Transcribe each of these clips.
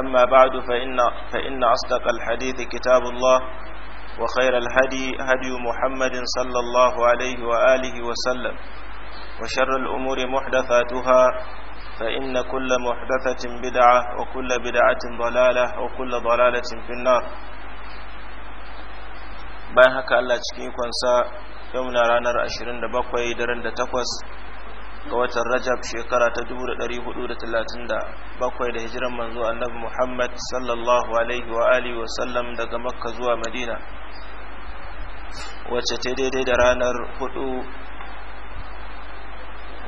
أما بعد فإن, فإن أصدق الحديث كتاب الله وخير الهدي هدي محمد صلى الله عليه وآله وسلم وشر الأمور محدثاتها فإن كل محدثة بدعة وكل بدعة ضلالة وكل ضلالة في النار bayan haka Allah cikin ikonsa yau na ranar 27 daren da takwas ga watan rajab shekara ta 437 da hijiran manzo annabi muhammad sallallahu alaihi wa alihi wa sallam daga makka zuwa madina wacce ta daidai da ranar 4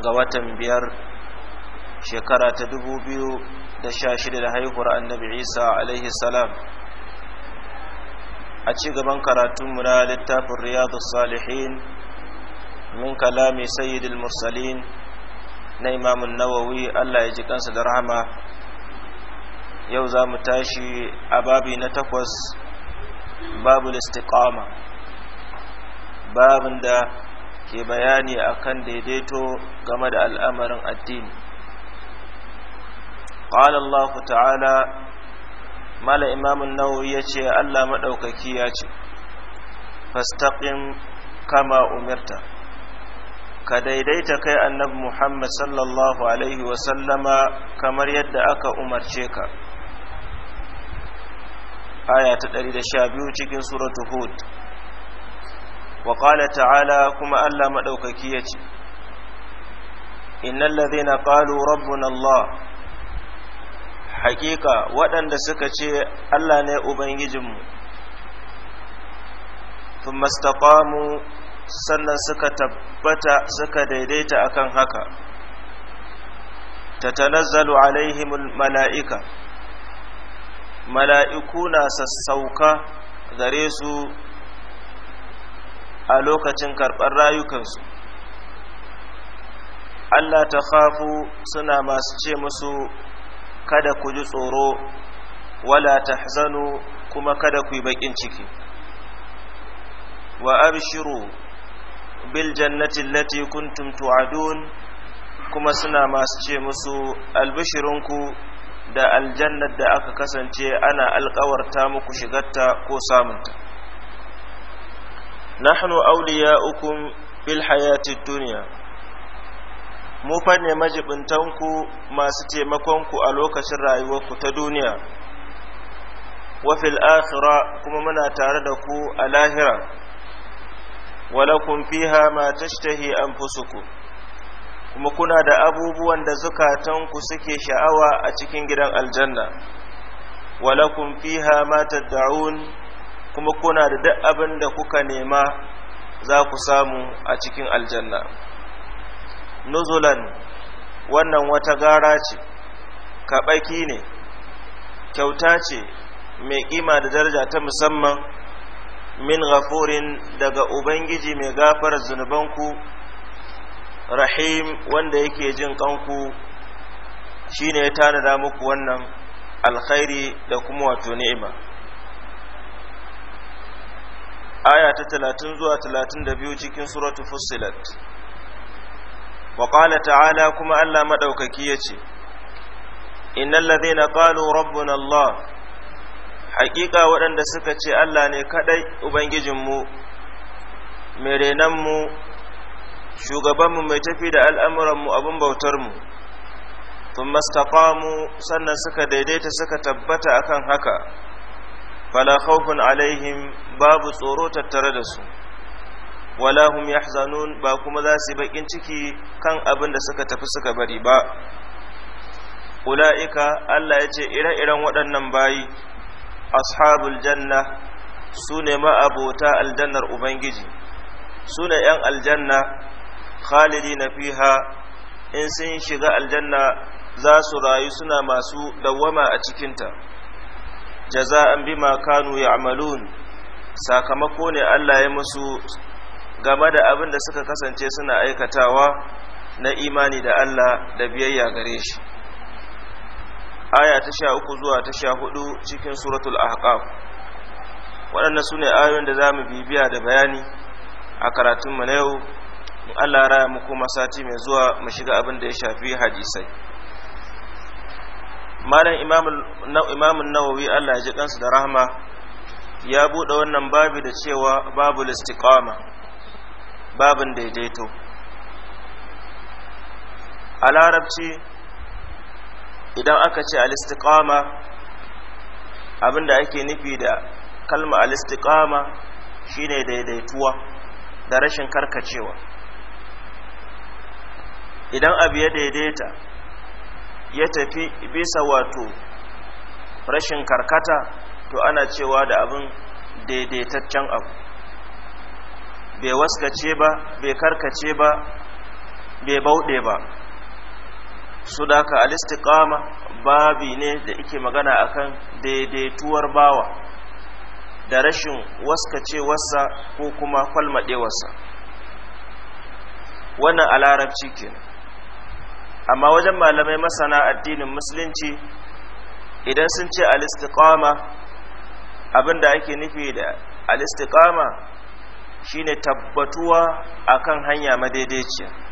ga watan biyar shekara ta 2016 da haihuwar annabi isa alaihi salam a ci gaban karatunmu na littafin riyadu salihin min kalami sayyidil mursalin na imamun nawawi Allah ya ji kansa da rahama yau za mu tashi a babi na takwas babu istiqama babin da ke bayani akan daidaito game da al'amarin addini qala Allah ta'ala mala imamun nawawi ce Allah madaukaki ce. fastaqim kama umirta ka daidaita kai annabi Muhammad sallallahu alaihi wasallama kamar yadda aka umarce ka aya ta 112 cikin suratu hud wa qala ta'ala kuma Allah madaukaki yace innal ladhina qalu rabbuna Allah haqiqa waɗanda suka ce Allah ne ubangijinmu thumma istaqamu sannan suka tabbata suka daidaita akan haka tatanazzalu alaihimul mala'ika mala'iku na sassauka gare su a lokacin karɓar rayukansu Allah ta khafu suna masu ce musu kada ku ji tsoro wala ta kuma kada ku yi baƙin ciki wa shiru. bil jannati allati kuntum tu'adun kuma suna masu ce musu albishirinku da aljannar da aka kasance ana alkawarta muku shigarta ko samunta nahnu awliya'ukum bil hayati dunya mu fa ne majibintanku masu taimakonku a lokacin rayuwarku ta duniya wa fil akhirah kuma muna tare da ku a lahira ولكم فيها ما تشتهي أنفسكم kuma kuna da abubuwan da zukatanku suke sha'awa a cikin gidan aljanna walakum fiha ma tad'un kuma kuna da duk abin da kuka nema za ku samu a cikin aljanna nuzulan wannan wata gara ce kaɓaki ne kyauta ce mai ƙima da daraja ta musamman min ghafurin daga ubangiji mai gafar zunubanku rahim wanda yake jin kanku shine ya tanada muku wannan alkhairi da kuma wato ni'ima aya ta 30 zuwa talatin da biyu cikin suratu fussilat wa qala ta'ala kuma Allah madaukaki yace innal ladhina qalu rabbuna Allah haƙiƙa waɗanda suka ce Allah ne kaɗai Ubangijinmu, mai shugabanmu mai tafi da al'amuranmu abin bautarmu, tun mastaƙamu sannan suka daidaita suka tabbata akan haka, fala haukun alaihim babu tsoro tattare da su, walahum ya zanun ba kuma za su yi baƙin ciki kan abin da suka tafi suka bari ba. Ula'ika Allah ya ce ire-iren waɗannan bayi. ashabul janna su ne ma'abota aljannar ubangiji su ne 'yan aljanna khalidi na fiha in sun shiga aljanna za su rayu suna masu dawwama a cikinta jaza'an bima kanu ya ya'malun sakamako ne Allah ya musu game da abin da suka kasance suna aikatawa na imani da Allah da biyayya gare shi aya ta sha uku zuwa ta sha hudu cikin suratul ahqaf waɗannan su ne ayoyin da za mu bibiya da bayani a karatunmu na yau Allah raya mu kuma sati mai zuwa mu shiga abin da ya shafi hadisai malam imamun nawawi Allah ya ji kansu da rahama ya buɗe wannan babu da cewa babu istiqama babin daidaito a larabci idan aka ce al abinda ake nufi da kalma al shine daidaituwa da rashin karkacewa idan abu ya daidaita ya tafi bisa wato rashin karkata to ana cewa da abin daidaitaccen abu bai waskace ba bai karkace ba bai bauɗe ba su da ka alistiqama babi ne da ike magana akan daidaituwar bawa da rashin waskacewarsa ko kuma kwalmaɗewarsa wannan a larabci kenan amma wajen malamai masana addinin musulunci idan sun ce alistiqama abinda ake nufi da alistiqama shine tabbatuwa akan hanya madaidaiciya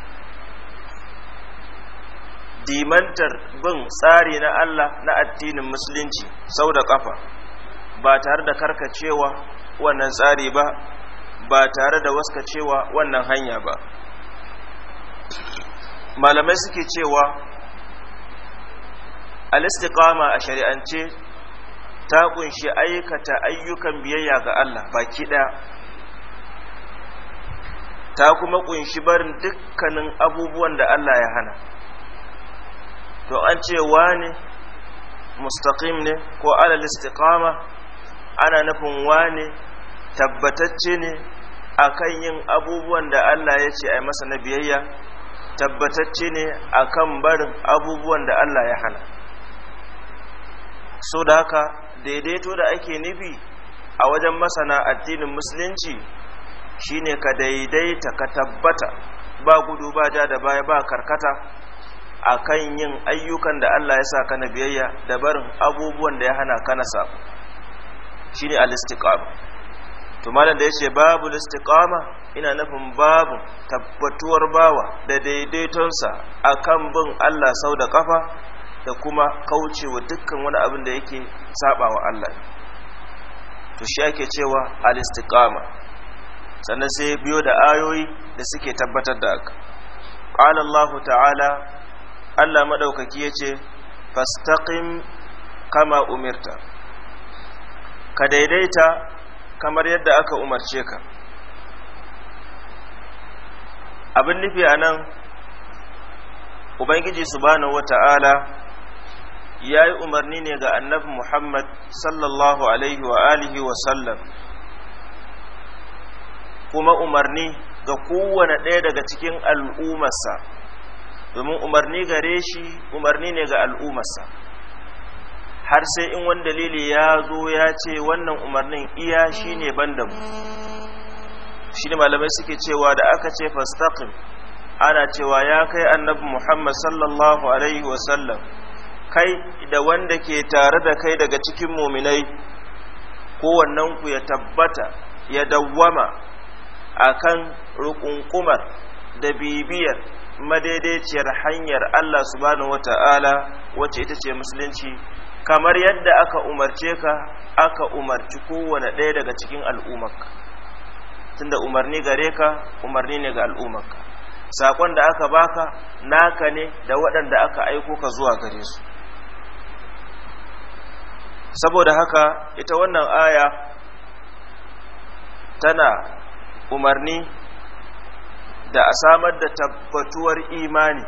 dimantar bin tsari na Allah na addinin musulunci sau da ƙafa ba tare da karkacewa wannan tsari ba ba tare da waskacewa wannan hanya ba malamai suke cewa alistiƙama a shari'ance ta kunshi aikata ayyukan biyayya ga Allah baki ɗaya ta kuma kunshi barin dukkanin abubuwan da Allah ya hana to an ce wani mustaqim ne ko alal istiqama ana nufin wani tabbatacce ne akan yin abubuwan da Allah ya ce a masa na biyayya tabbatacce ne akan barin abubuwan da Allah ya hana so da haka daidaito da ake nufi a wajen masana addinin musulunci shine ka daidaita ka tabbata ba gudu ba ja da baya ba karkata akan yin ayyukan da Allah ya sa ka na biyayya da barin abubuwan da ya hana ka na sabu shine al-istiqama to malam da yace babu istiqama ina nufin babu tabbatuwar bawa da daidaitonsa akan bin Allah sau da kafa da kuma kaucewa dukkan wani abin da yake sabawa Allah to shi ake cewa al-istiqama sannan sai biyo da ayoyi da suke tabbatar da haka qala ta'ala Allah maɗaukaki ya ce fastaqim kama umirta ka daidaita kamar yadda aka umarce ka abin nufi a nan ubangiji subhanahu wata'ala ya yi umarni ne ga annabi muhammad sallallahu alaihi wa alihi wa sallam kuma umarni ga kowane ɗaya daga cikin al'ummarsa domin umarni gare shi umarni ne ga al'ummarsa har sai in wani dalili ya zo ya ce wannan umarnin iya shi ne ban da mu shi ne malamai suke cewa da aka ce fastaqim ana cewa ya kai annabi muhammad sallallahu alaihi wasallam kai da wanda ke tare da kai daga cikin muminai kowannenku ya tabbata ya dawwama akan rukunkumar da bibiyar madaidaiciyar hanyar Allah subhanahu wata'ala wacce ita ce musulunci kamar yadda aka umarce ka aka umarci kowane ɗaya daga cikin al'ummarka tunda umarni gare ka umarni ne ga al'ummarka Sakon da aka baka naka ne da waɗanda aka aiko ka zuwa gare su saboda haka ita wannan aya tana umarni da a samar da tabbatuwar imani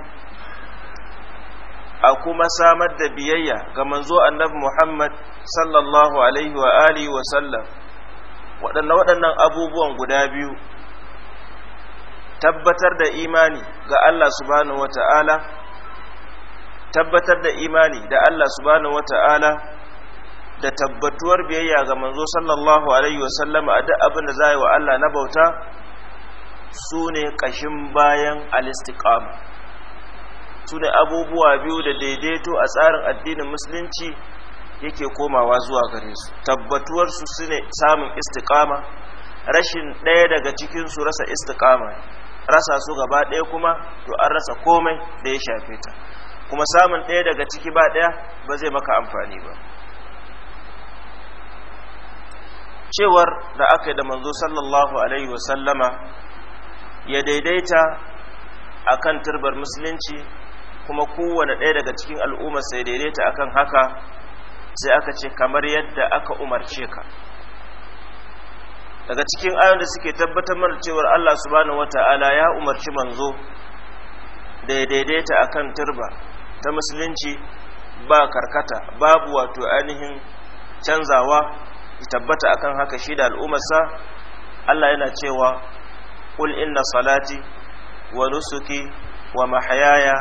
a kuma samar da biyayya ga manzo annabi Muhammad sallallahu alaihi wa alihi wa sallam waɗannan waɗannan abubuwan guda biyu tabbatar da imani ga Allah subhanahu wata'ala tabbatar da imani da Allah subhanahu wata'ala da tabbatuwar biyayya ga manzo sallallahu alaihi wa sallam a duk abin da za yi wa Allah na bauta su ne ƙashin bayan alistikam su ne abubuwa biyu da daidaito a tsarin addinin musulunci yake komawa zuwa gare su tabbatuwarsu su ne samun istiƙama rashin ɗaya daga cikinsu rasa istikama rasa su gaba ɗaya kuma to an rasa komai da ya shafe ta kuma samun ɗaya daga ciki ba ɗaya ba zai maka amfani ba cewar da aka yi da manzo sallallahu alaihi wasallama ya daidaita a kan turbar musulunci kuma kowane ɗaya daga cikin al'umma sai daidaita a kan haka sai aka ce kamar yadda aka umarce ka daga cikin ayon da suke tabbatar mana cewar Allah Su Wata wata'ala ya umarci manzo da ya daidaita a kan turba ta musulunci ba karkata babu wato ainihin canzawa ya tabbata akan haka shi da al'ummarsa Allah yana cewa qul inna salati wa nusuki wa mahayaya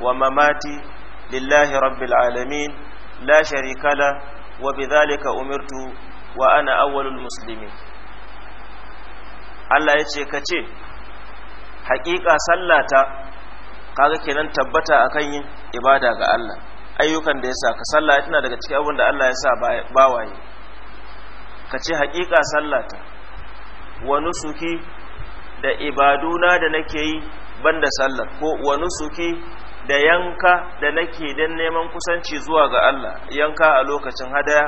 wa mamati lillahi rabbil alamin la sharika la wa bidhalika umirtu wa ana awwalul muslimin Allah ya ce ka ce haƙiƙa sallata kaga kenan tabbata akan yin ibada ga Allah ayyukan da yasa ka sallah tana daga cikin abin da Allah ya sa bawaye ka ce haƙiƙa sallata wa nusuki da ibaduna da nake yi banda sallah ko wa nusuki da yanka da nake dan neman kusanci zuwa ga Allah yanka a lokacin hadaya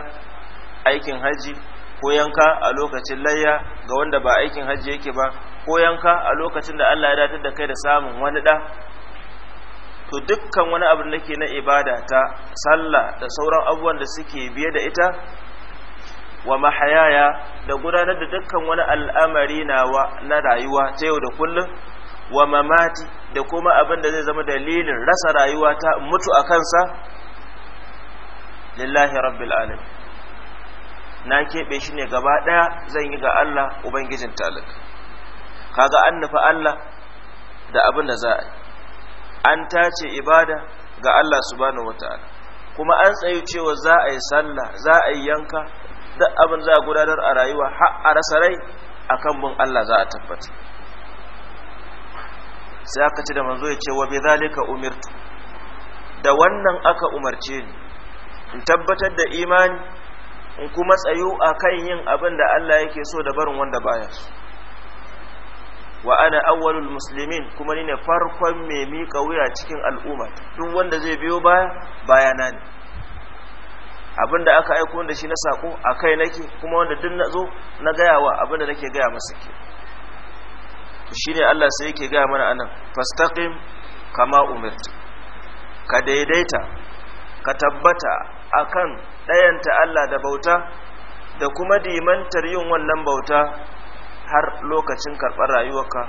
aikin haji ko yanka a lokacin layya ga wanda ba aikin haji yake ba ko yanka a lokacin da Allah ya datar da kai da samun wani da to dukkan wani abu nake na ibada ta sallah da sauran abubuwan da suke biye da ita wa mahayaya da gudanar da dukkan wani al'amari nawa na rayuwa ta yau da kullum wa mamati da kuma abin da zai zama dalilin rasa rayuwa ta mutu a kansa lillahi rabbil alim na keɓe shi ne gaba ɗaya zan yi ga Allah ubangijin talik kaga an nufi Allah da abin da za a an tace ibada ga Allah subhanahu wata'ala kuma an tsayi cewa za a yi sallah za a yi yanka duk abin za a gudanar a rayuwa har a rasa rai akan bin Allah za a tabbata sai aka ci da manzo ya ce wa bi zalika umirtu da wannan aka umarce ni in tabbatar da imani in kuma tsayu akan yin abin da Allah yake so da barin wanda baya so wa ana awwalul muslimin kuma ni ne farkon mai miƙa wuya cikin al'umma duk wanda zai biyo baya bayana ne Abinda aka aiko da shi na sako a kai nake kuma wanda duk na zo na gayawa abin da nake gaya masa ke shi ne Allah sai yake gaya mana anan fastaqim kama umirta ka daidaita ka tabbata akan ɗayanta Allah da bauta da kuma dimantar yin wannan bauta har lokacin karɓar rayuwarka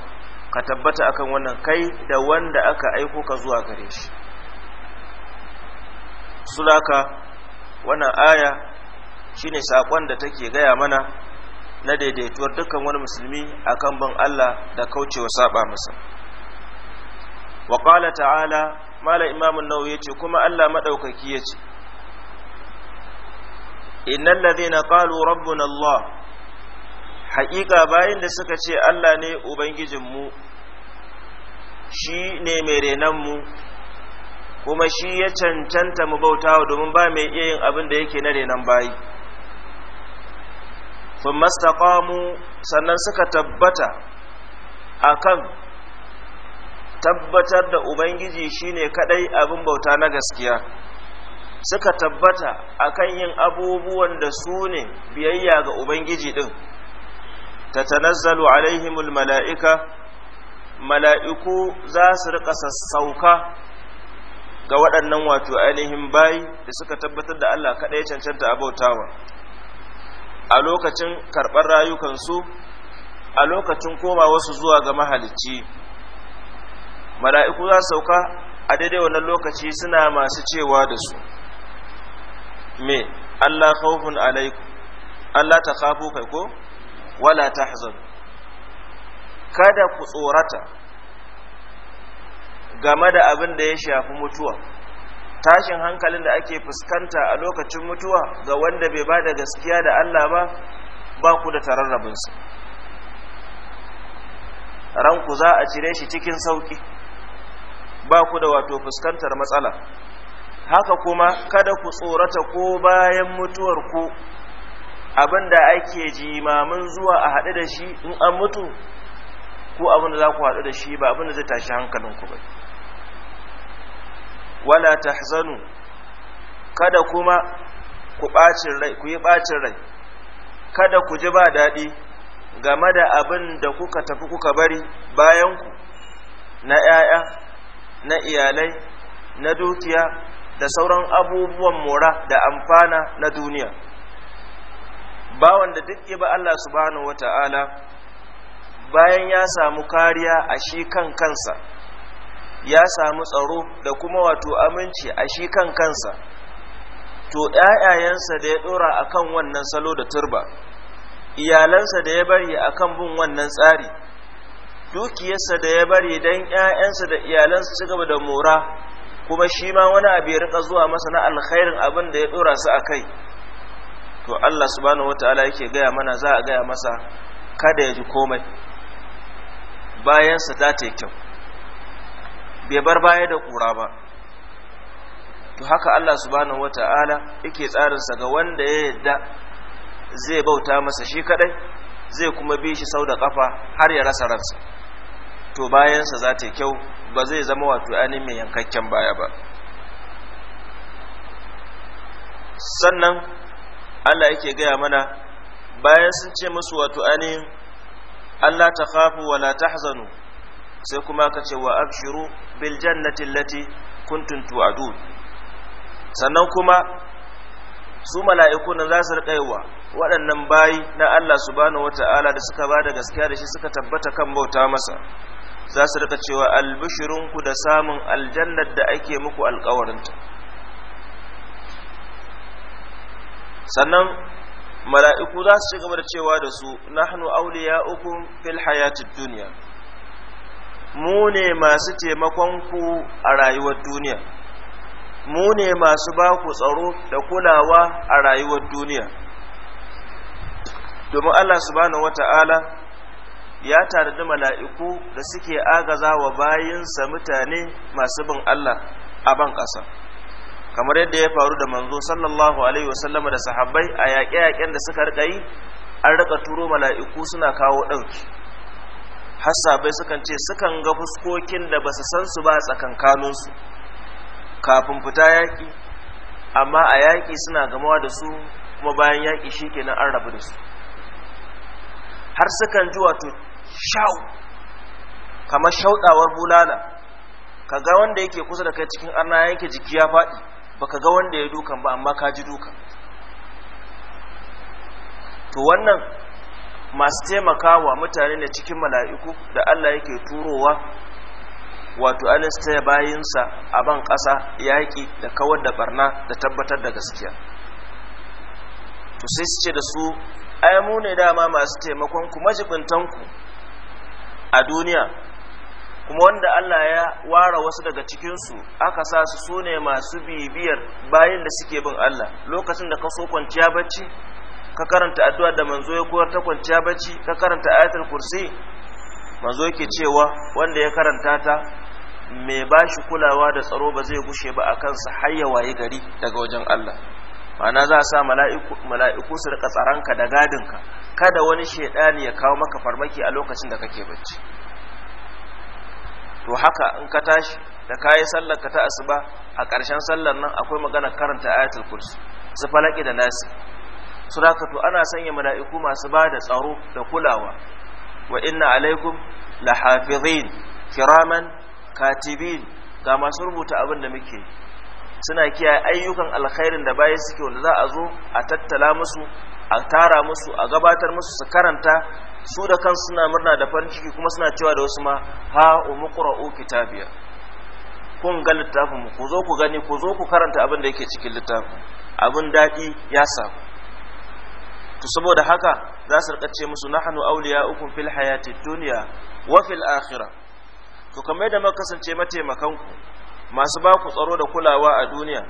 ka tabbata akan wannan kai da wanda aka aiko ka zuwa gare shi sulaka wannan aya shine saƙon da take gaya mana na daidaituwar dukkan wani musulmi akan bin Allah da kaucewa saba masa wa ƙala ta'ala mala imamun nau ya yace kuma Allah maɗaukaki madaukaki yace innal na ƙalu rabbuna Allah haƙiƙa bayan da suka ce Allah ne ubangijinmu shi ne mai renonmu kuma shi ya cancanta mu bautawa domin ba mai iya yin abin da yake na nan bayi sun mastaƙamu sannan suka tabbata akan tabbatar da ubangiji shine kadai abin bauta na gaskiya suka tabbata akan yin abubuwan da su ne biyayya ga ubangiji din tatanazzalu alaihimul mala'ika mala'iku za su riƙa sassauka ga waɗannan wato ainihin bayi da suka tabbatar da Allah kaɗai cancanta bautawa a lokacin karɓar rayukansu a lokacin koma wasu zuwa ga mahalicci mala'iku za sauka a daidai wannan lokaci suna masu cewa da su me Allah khawfun alaiku Allah ta kai ko wala tahzan kada ku tsorata game da abin da ya shafi mutuwa tashin hankalin da ake fuskanta a lokacin mutuwa ga wanda bai ba da gaskiya da Allah ba ba ku da tararrabinsa ranku za a cire shi cikin sauki ba ku da wato fuskantar matsala haka kuma kada ku tsorata ko bayan mutuwar ku abin da ake jimamin zuwa a haɗu da shi in an mutu ko abin da za ku haɗu da shi ba abin da zai tashi hankalinku ba wala tahzanu kada kuma ku bacin rai ku yi bacin rai kada ku ji ba daɗi game da abin da kuka tafi kuka bari bayan ku na ‘ya'ya na iyalai na dukiya da sauran abubuwan mora da amfana na duniya ba wanda duk ba Allah subhanahu wata'ala bayan ya samu kariya a shi kan kansa ya samu tsaro da kuma wato aminci a shi kan kansa to ƴaƴayensa da ya dora akan kan wannan salo da turba iyalansa da ya bari akan bin wannan tsari dukiyarsa da ya bari dan ‘ya'yansa da iyalansa su gaba da mora kuma shi ma wani abu ya rika zuwa masa na alkhairin abin da ya ɗora su a kai to Allah subhanahu wataala yake gaya mana za a gaya masa kada ya ji komai bayansa ta yi kyau bai bar baya da kura ba to haka Allah subhanahu wata'ala yake tsarinsa ga wanda ya yadda zai bauta masa shi kadai zai kuma bi shi sau da kafa har ya rasa ransa to bayansa za ta kyau ba zai zama wato ainihin mai yankakken baya ba sannan Allah yake gaya mana bayan sun ce musu wato ainihin Allah ta khafu wa la tahzanu sai kuma ka ce wa abshiru bil jannati allati kuntum tu'adun sannan kuma su mala'iku nan za su rikaiwa waɗannan bayi na Allah subhanahu wata'ala da suka bada gaskiya da shi suka tabbata kan bauta masa za su riƙa cewa albishirinku da samun aljannar da ake muku ta sannan mala'iku za su ci gaba da cewa da su nahnu auliya'ukum fil hayatid duniya mu ne masu taimakon ku a rayuwar duniya mu ne masu ba ku tsaro da kulawa a rayuwar duniya domin Allah subhanahu wata'ala ya tanadi mala'iku da suke agaza wa bayinsa mutane masu bin Allah a ban ƙasa kamar yadda ya faru da manzo sallallahu alaihi wasallama da sahabbai a yaƙe-yaƙen da suka riƙa yi an riƙa turo mala'iku suna kawo ɗauki bai sukan ce sukan ga fuskokin da ba su san su ba tsakankaninsu kafin fita yaƙi amma a yaƙi suna gamawa da su kuma bayan yaƙi shi kenan an rabu da su har sukan ji wato shau kamar shauɗawar bulala ka ga wanda yake kusa da kai cikin arna yanke jiki ya faɗi ka ga wanda ya dukan ba amma ka ji dukan to wannan masu taimakawa mutane ne cikin mala'iku da Allah yake turowa wato alistaya bayinsa a ban ƙasa yaƙi da kawar da barna da tabbatar da gaskiya to sai su ce da su ai mu ne dama masu taimakon ku jibintanku a duniya kuma wanda Allah ya ware wasu daga cikinsu aka sa su sune masu bibiyar bayin da suke bin Allah lokacin da ka so kwanciya bacci ka karanta addu'a da manzo ya koyar ta kwanciya bacci ka karanta ayatul kursi manzo yake cewa wanda ya karanta ta mai ba shi kulawa da tsaro ba zai gushe ba a kansa hayya ya waye gari daga wajen Allah ma'ana za a sa mala'iku su rika tsaranka da gadinka kada wani shaidani ya kawo maka farmaki a lokacin da kake bacci to haka in ka tashi da kayi sallar ka ta asuba a ƙarshen sallar nan akwai magana karanta ayatul kursi su falaki da nasi suraka to ana sanya mala'iku masu ba da tsaro da kulawa wa inna alaikum hafizin kiraman katibin ga masu rubuta abin da muke suna kiyaye ayyukan alkhairin da baya suke wanda za a zo a tattala musu a tara musu a gabatar musu su karanta su da kansu suna murna da farin ciki kuma suna cewa da wasu ma ha umuqra'u kitabiya kun ga littafin ku zo ku gani ku zo ku karanta abin da yake cikin littafin abin dadi ya samu to saboda haka za su rika ce musu auliya ukun fil hayati dunya wa fil akhirah to kamar da muka kasance mataimakan ku masu ba ku tsaro da kulawa a duniya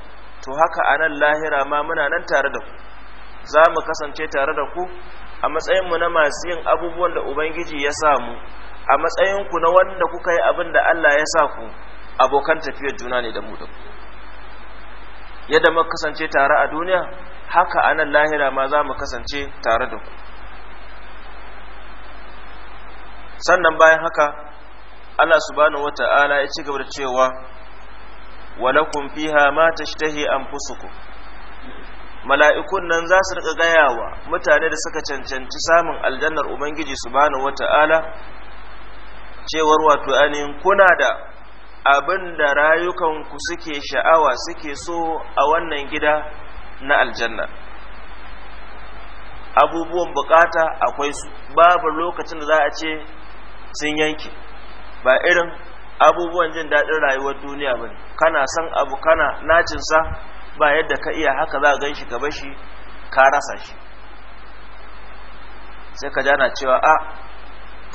to haka a nan lahira ma muna nan tare da ku za mu kasance tare da ku a matsayin mu na masu yin abubuwan da ubangiji ya mu, a matsayin ku na wanda kuka yi abin da Allah ya sa ku abokan tafiyar juna ne da mu da ku yadda muka kasance tare a duniya haka anan lahira ma za mu kasance tare da ku sannan bayan haka Allah subhanahu wata'ala ya ci gaba da cewa walakum fiha ma tashtahi anfusukum mala'ikun nan za su rika gayawa mutane da suka cancanci samun aljannar ubangiji subhanahu wata'ala cewar wato ainihin kuna da abinda da rayukanku suke sha'awa suke so a wannan gida na aljanna abubuwan bukata akwai su babu lokacin da za a ce sun yanki ba irin abubuwan jin daɗin rayuwar duniya ba kana san abu kana nacinsa ba yadda ka iya haka za a gan shi gaba shi ka rasa shi sai ka jana cewa a ah,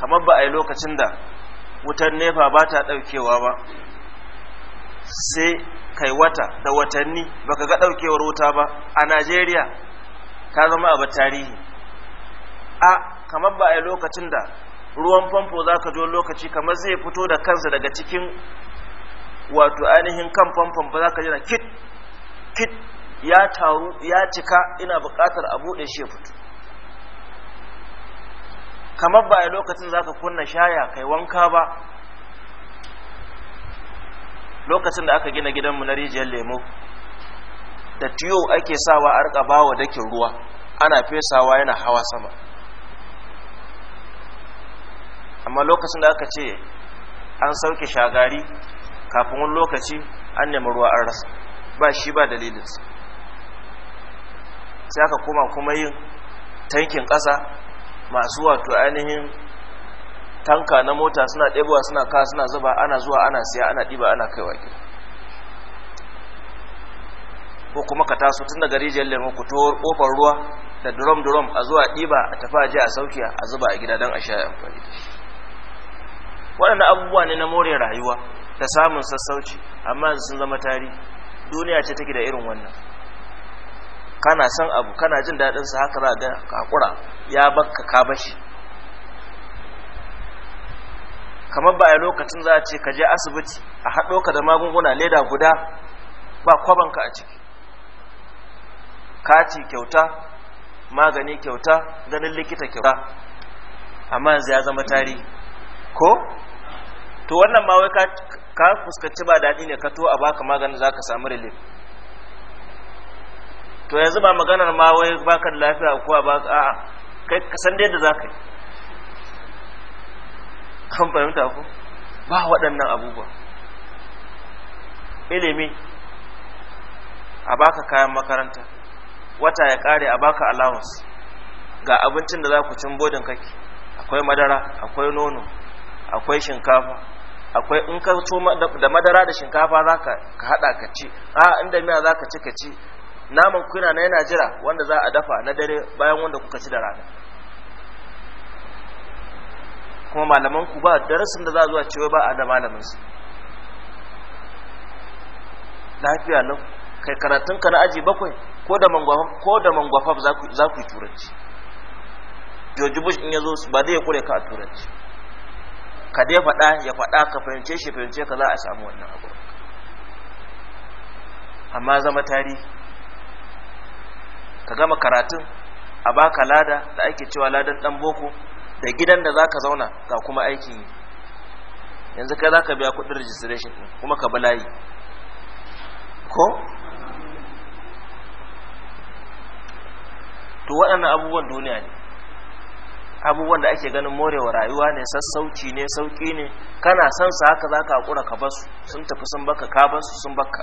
kamar ba a yi lokacin da wutar nefa ba ta ɗaukewa ba sai kai wata da watanni baka ga daukewar wuta ba a Najeriya ta zama abu tarihi a kamar ba a yi lokacin da ruwan famfo za ka jo lokaci kamar zai fito da kansa daga cikin wato ainihin kan famfon ba za ka jina kit kit ya taru ya cika ina bukatar a buɗe shi fito kamar ba a lokacin za ka kunna shaya kai wanka ba lokacin da aka gina gidanmu na rijiyar lemo da tiyo ake sawa a rika bawa dakin ruwa ana fesawa yana hawa sama amma lokacin da aka ce an sauke shagari kafin wani lokaci an nemi ruwa an rasa ba shi ba dalilinsa sai aka koma kuma yin tankin ƙasa masu wato ainihin tanka na mota suna ɗebowa suna kawo suna zuba ana zuwa ana siya ana ɗiba ana kaiwa gida ko kuma ka taso tun daga rijiyar lemu ku to kofar ruwa da drum drum a zuwa ɗiba a tafi aje a sauƙiya a zuba a gida don a sha amfani da shi waɗanda abubuwa ne na more rayuwa da samun sassauci amma sun zama tarihi duniya ce take da irin wannan kana son abu kana jin daɗinsa haka za ga kakura ya bakka ka bashi kamar ba a lokacin za a ce ka je asibiti a haɗo ka da magunguna leda guda ba kwabanka a ciki kati kyauta magani kyauta ganin likita kyauta amma yanzu ya zama tari ko to wannan ma wai ka fuskanci ba daɗi ne ka to a baka maganin za ka samu rilif? to yanzu ba maganar ma wai baka da lafiya ko a ba a'a kai ka san da yadda za ka yi Kan fahimta ku ba waɗannan abubuwa ilimi a baka kayan makaranta wata ya ƙare a baka allowance ga abincin da za ku cin bodin kake akwai madara akwai nono akwai shinkafa akwai in ka so da madara da shinkafa za ka haɗa ka ci a inda miya za ka ci ka ci naman kuna na yana jira wanda za a dafa na dare bayan wanda kuka ci da rana kuma malaman ku ba darasin da za zuwa cewa ba a da malamin su lafiya lau kai karatun ka na aji bakwai ko da mangwafaf ko da mangwafaf za ku yi turanci George Bush in ya zo ba zai ya kure ka a turanci ka dai faɗa ya faɗa ka fahimce shi fahimce ka za a samu wannan abu amma zama tarihi ka gama karatun a baka lada da ake cewa ladan dan boko da gidan da zaka zauna ga kuma aikin yi yanzu kai zaka biya kudin registration din kuma ka bulayi ko to waɗannan abubuwan duniya ne abubuwan da ake ganin morewa rayuwa ne sassauci ne sauƙi ne kana san su haka zaka hakura ka basu sun tafi sun baka ka basu sun baka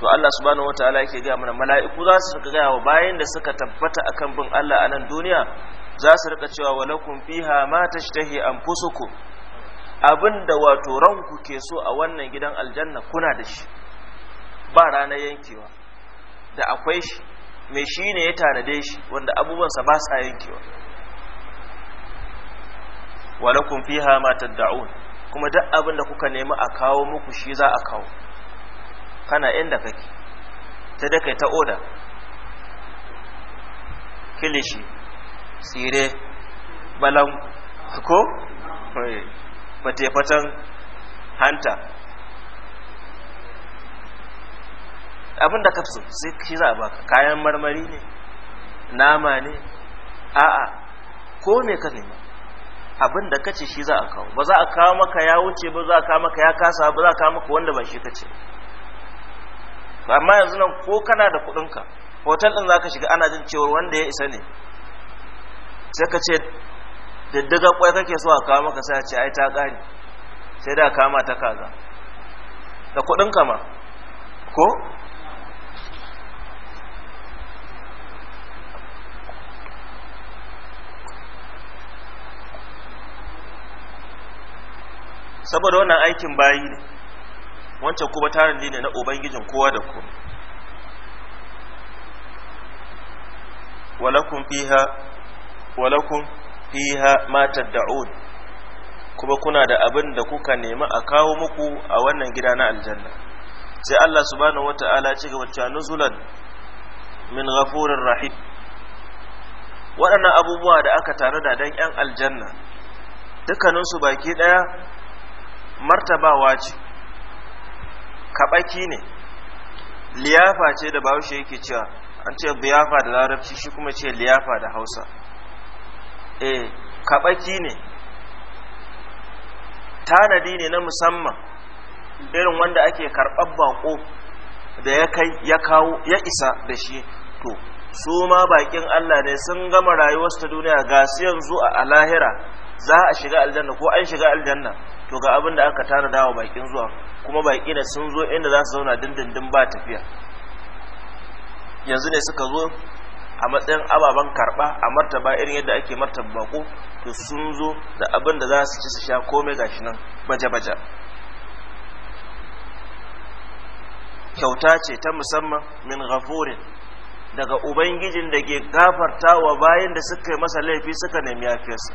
to Allah subhanahu wataala yake ga mana mala'iku za su ga wa bayan da suka tabbata akan bin Allah a nan duniya za su rika cewa walakum fiha ma tashtahi anfusukum abinda wato ranku ke so a wannan gidan aljanna kuna da shi ba rana yankewa da akwai shi mai shi ne ya tanade shi wanda abubuwansa ba sa yankewa walakum fiha ma tad'un kuma duk abin da kuka nemi a kawo muku shi za a kawo kana inda kake Ta da kai ta oda kilishi tsire balan ko matefatan hanta abin da kafsu sai shi za a baka kayan marmari ne nama ne a'a ko me ka nema abin da kace shi za a kawo ba za a kawo maka ya wuce ba za a kawo maka ya kasa ba za a kawo maka wanda ba shi kace amma yanzu nan ko kana da kuɗinka hotel ɗin za ka shiga ana jin cewar wanda ya isa ne sai ka ce diddigar kwai kake so a kawo maka sai a ce ai ta kare sai da kama ta kaza da kuɗin kama ko saboda wannan aikin bayi ne wancan kuma tarin ne na ubangijin kowa da kuma walakun fiha walakum fiha ma tad'un kuma kuna da abin da kuka nemi a kawo muku a wannan gida na aljanna sai Allah subhanahu wata'ala ya ce ga nuzulan min ghafurir rahim waɗannan abubuwa da aka tare da dan yan aljanna dukkaninsu baki ɗaya martabawa ce kaɓaki ne liyafa ce da bahaushe yake cewa an ce biyafa da larabci shi kuma ce liyafa da hausa eh kaɓaki ne tanadi ne na musamman irin wanda ake karɓar baƙo da ya kai ya kawo ya isa da shi to su ma baƙin Allah ne sun gama rayuwarsu ta duniya ga su yanzu a alahira za a shiga aljanna ko an shiga aljanna to ga abin da aka tanadawa baƙin zuwa kuma baƙi ne sun zo inda za su zauna dindindin ba tafiya yanzu ne suka zo a matsayin ababen karɓa, a martaba irin yadda ake martaba bako to sun zo da abin da za su ci su sha komai gashi nan baje-baje kyauta ce ta musamman min ghafurin daga ubangijin da ke gafarta wa bayan da suka yi masa laifi suka nemi yafiyarsa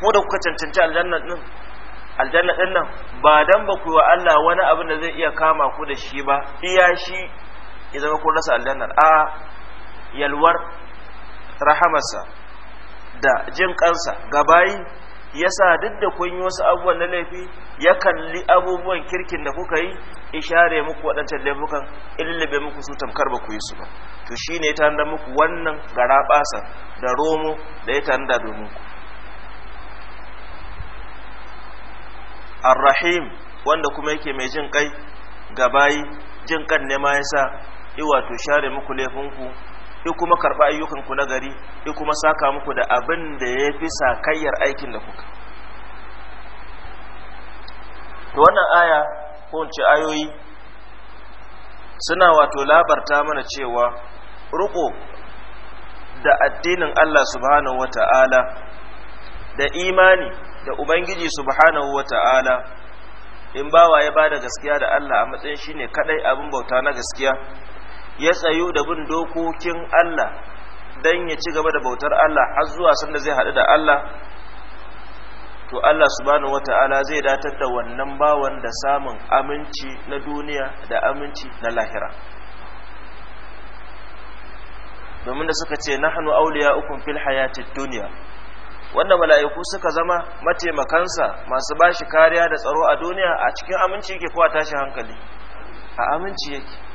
ko da kuka cancanci aljanna din nan ba dan ba ku wa Allah wani abin da zai iya kama ku da shi ba iya shi ya zama kun rasa aljannar a yalwar rahamarsa da jin kansa gabayi yasa duk da kun yi wasu abubuwan na laifi ya kalli abubuwan kirkin da kuka yi share muku waɗancan laifukan illabe muku su tamkar ba ku yi su ba to shi ne ta muku wannan gara da romo da ya tanda domin ku arrahim wanda kuma yake mai jin kai gabayi jin kan ne ma yasa iwato share muku laifinku in kuma karɓa ayyukanku na gari in kuma saka muku da abin da ya fi sakayyar aikin da kuka to wannan aya ko ce ayoyi suna wato labarta mana cewa riƙo da addinin Allah subhanahu wata'ala da imani da ubangiji subhanahu wata'ala in bawa ya bada gaskiya da Allah a matsayin shine kadai abin bauta na gaskiya ya tsayu da bin dokokin Allah don ya ci gaba da bautar Allah har zuwa sanda zai haɗu da Allah to Allah subhanahu wata'ala zai datar da wannan bawan da samun aminci na duniya da aminci na lahira domin da suka ce nahnu auliya ukun fil hayatid dunya wanda mala'iku suka zama mataimakansa masu bashi kariya da tsaro a duniya a cikin aminci yake kowa tashi hankali a aminci yake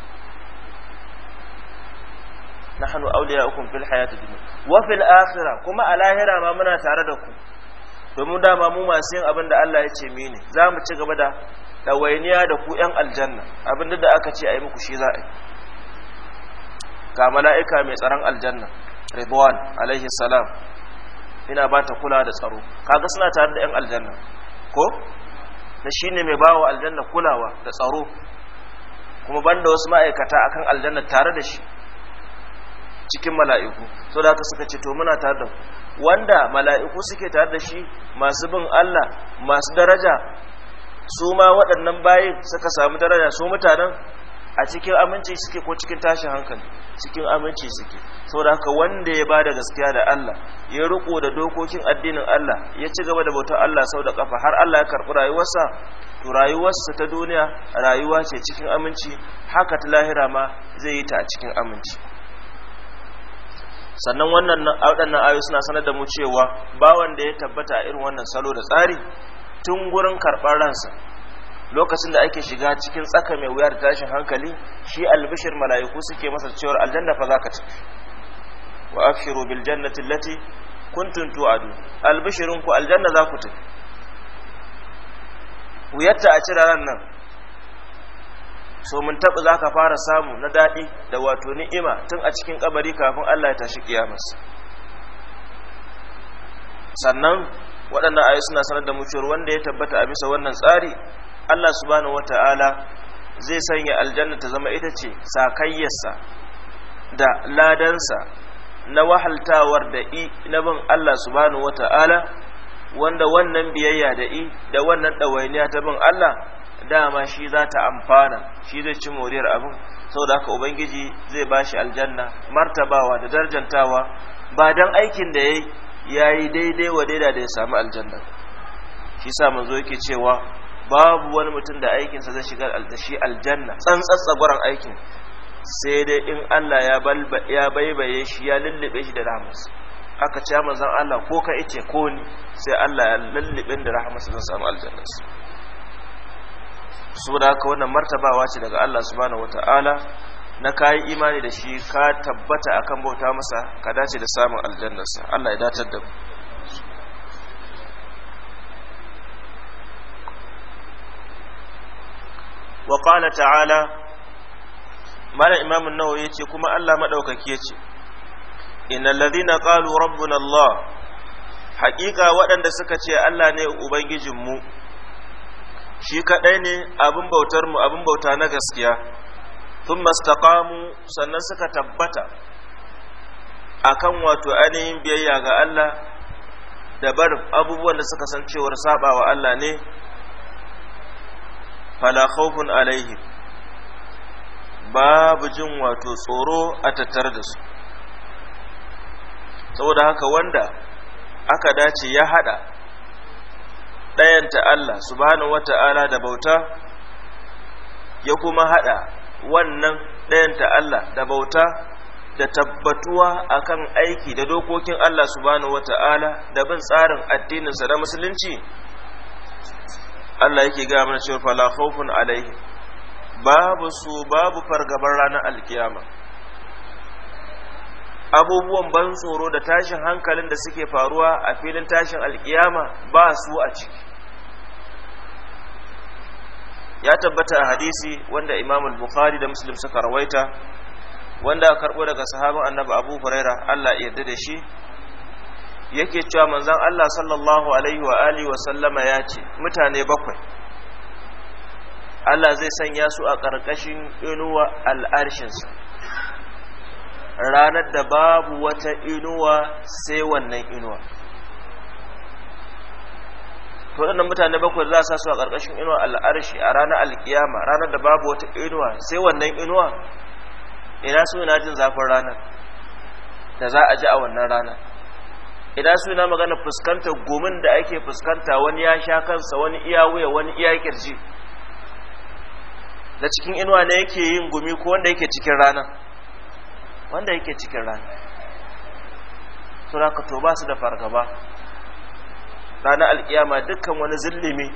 nahnu awliya'ukum fil hayati dunya wa fil akhirah kuma a lahira ma muna tare da ku domin dama mu masu yin abin Allah ya ce mi ne za mu ci gaba da dawainiya da ku 'yan aljanna abin da aka ce a yi muku shi za a yi ga mala'ika mai tsaron aljanna ridwan alaihi salam ina ba ta kula da tsaro kaga suna tare da 'yan aljanna ko na shi ne mai bawa aljanna kulawa da tsaro kuma banda wasu ma'aikata akan aljanna tare da shi cikin mala'iku so da haka suka ce to muna tare da wanda mala'iku suke tare da shi masu bin Allah masu daraja su ma waɗannan bayin suka samu daraja su mutanen a cikin aminci suke ko cikin tashin hankali cikin aminci suke da haka wanda ya ba da gaskiya da Allah ya riko da dokokin addinin Allah ya ci gaba da bautar Allah sau da kafa har Allah ya karɓi rayuwarsa to rayuwarsa ta duniya rayuwa ce cikin aminci haka ta lahira ma zai yi ta a cikin aminci sannan wannan waɗannan ayo suna sanar da mu cewa bawan da ya tabbata a irin wannan salo da tsari tun gurin karɓar ransa lokacin da ake shiga cikin tsaka mai wuya da tashin hankali shi albishir mala'iku suke masa cewar aljanna fa zaka tafi wa afshiru bil jannati allati kuntum tu'adu albishirun ku aljanna za ku tafi wuyarta a ran nan so mun taɓa za ka fara samu na daɗi da wato ni'ima tun a cikin ƙabari kafin Allah ya tashi ƙiyamas sannan waɗannan ayi suna sanar da mutuwar wanda ya tabbata a bisa wannan tsari Allah subhanahu wata'ala zai sanya aljanna ta zama ita ce sakayyarsa da ladansa na wahaltawar da i na bin Allah subhanahu wata'ala wanda wannan biyayya da i da wannan ɗawainiya ta bin Allah dama shi za ta amfana shi zai ci moriyar abin saboda haka ubangiji zai ba shi aljanna martabawa da darjantawa ba don aikin da ya yayi daidai wa daida da ya samu aljanna shi sa manzo yake cewa babu wani mutum da aikinsa zai shiga da shi aljanna tsantsatsagoran aikin sai dai in Allah ya ya baibaye shi ya lullube shi da rahmarsa aka ce manzon Allah ko ka ice ko ni sai Allah ya lullube da rahmarsa zan samu su. saboda haka wannan martabawa ce daga Allah subhanahu wataala na kayi imani da shi ka tabbata akan bauta masa ka dace da samun aljannarsa Allah ya datar da wa qala ta'ala mala imam an-nawawi yace kuma Allah madaukaki yace innal ladhina qalu rabbuna Allah haqiqa waɗanda suka ce Allah ne ubangijinmu mu shi kaɗai ne abin bautar mu abin bauta na gaskiya sun mastakamu sannan suka tabbata akan wato ainihin biyayya ga Allah da bar abubuwan da suka san cewar saba wa Allah ne fala khawfun alaihim babu jin wato tsoro a tattar da su saboda haka wanda aka dace ya hada ɗayanta Allah subhanahu wata'ala da bauta ya kuma haɗa wannan ɗayanta Allah da bauta da tabbatuwa akan aiki da dokokin Allah subhanahu wata'ala da bin tsarin addininsa da musulunci Allah yake gaya mana cewa fala khawfun alaihi, babu su babu fargabar ranar alkiyama abubuwan ban tsoro da tashin hankalin da suke faruwa a filin tashin alkiyama ba su a ciki ya tabbata a hadisi wanda imam al bukhari da muslim suka rawaita wanda aka karbo daga sahabin annabi abu huraira allah yarda da shi yake cewa manzon allah sallallahu alaihi wa alihi wa sallama ya ce mutane bakwai allah zai sanya su a ƙarƙashin inuwa al'arshinsa ranar da babu wata inuwa sai wannan inuwa to waɗannan mutane bakwai za su su a ƙarƙashin inuwa al'arshi a ranar alkiyama ranar da babu wata inuwa sai wannan inuwa ina su ina jin zafin ranar da za a ji a wannan ranar ina su ina magana fuskanta gomin da ake fuskanta wani ya sha kansa wani iya wuya wani iya kirji da cikin inuwa ne yake yin gumi ko wanda yake cikin ranar wanda yake cikin rana saboda to ba su da fargaba ranar alkiyama dukkan wani zillimi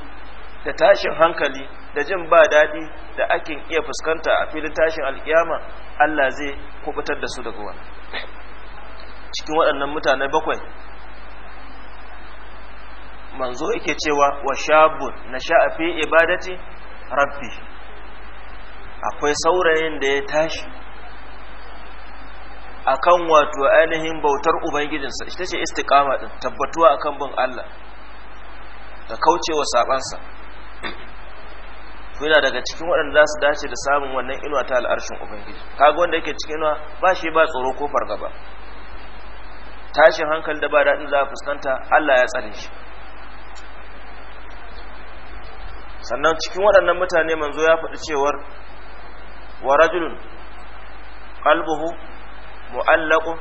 da tashin hankali da jin ba daɗi da ake iya fuskanta a filin tashin alkiyama Allah zai kubutar da su daga wani cikin waɗannan mutane bakwai manzo yake cewa wa shabun na sha'afi ibadati rabbi akwai saurayin da ya tashi akan wato ainihin bautar ubangijinsa ita ce istiqama din tabbatuwa akan bin Allah da kaucewa sabansa yana daga cikin waɗanda za su dace da samun wannan inuwa ta al'arshin ubangiji kaga wanda yake cikin inuwa ba shi ba tsoro ko fargaba tashin hankali da ba daɗin za a fuskanta Allah ya tsare shi sannan cikin waɗannan mutane manzo ya faɗi cewar wa rajulun qalbuhu mu'allaqun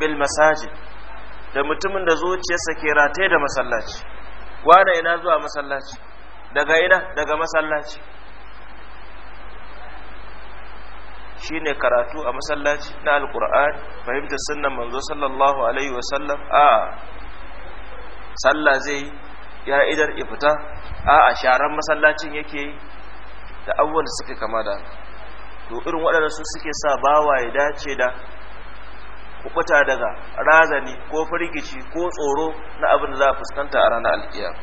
bil masajid da mutumin da zuciyarsa ke rataye da masallaci wane ina zuwa masallaci daga ina daga masallaci shine karatu a masallaci na alkur'ani fahimtar sunnan manzo sallallahu alaihi wasallam a sallah zai ya idar ifita a a sharan masallacin yake yi da abubuwan suke suka kama da to irin waɗanda su suke sa bawa ya dace da fita daga razani ko firgici ko tsoro na abin da za a fuskanta a ranar alkiyama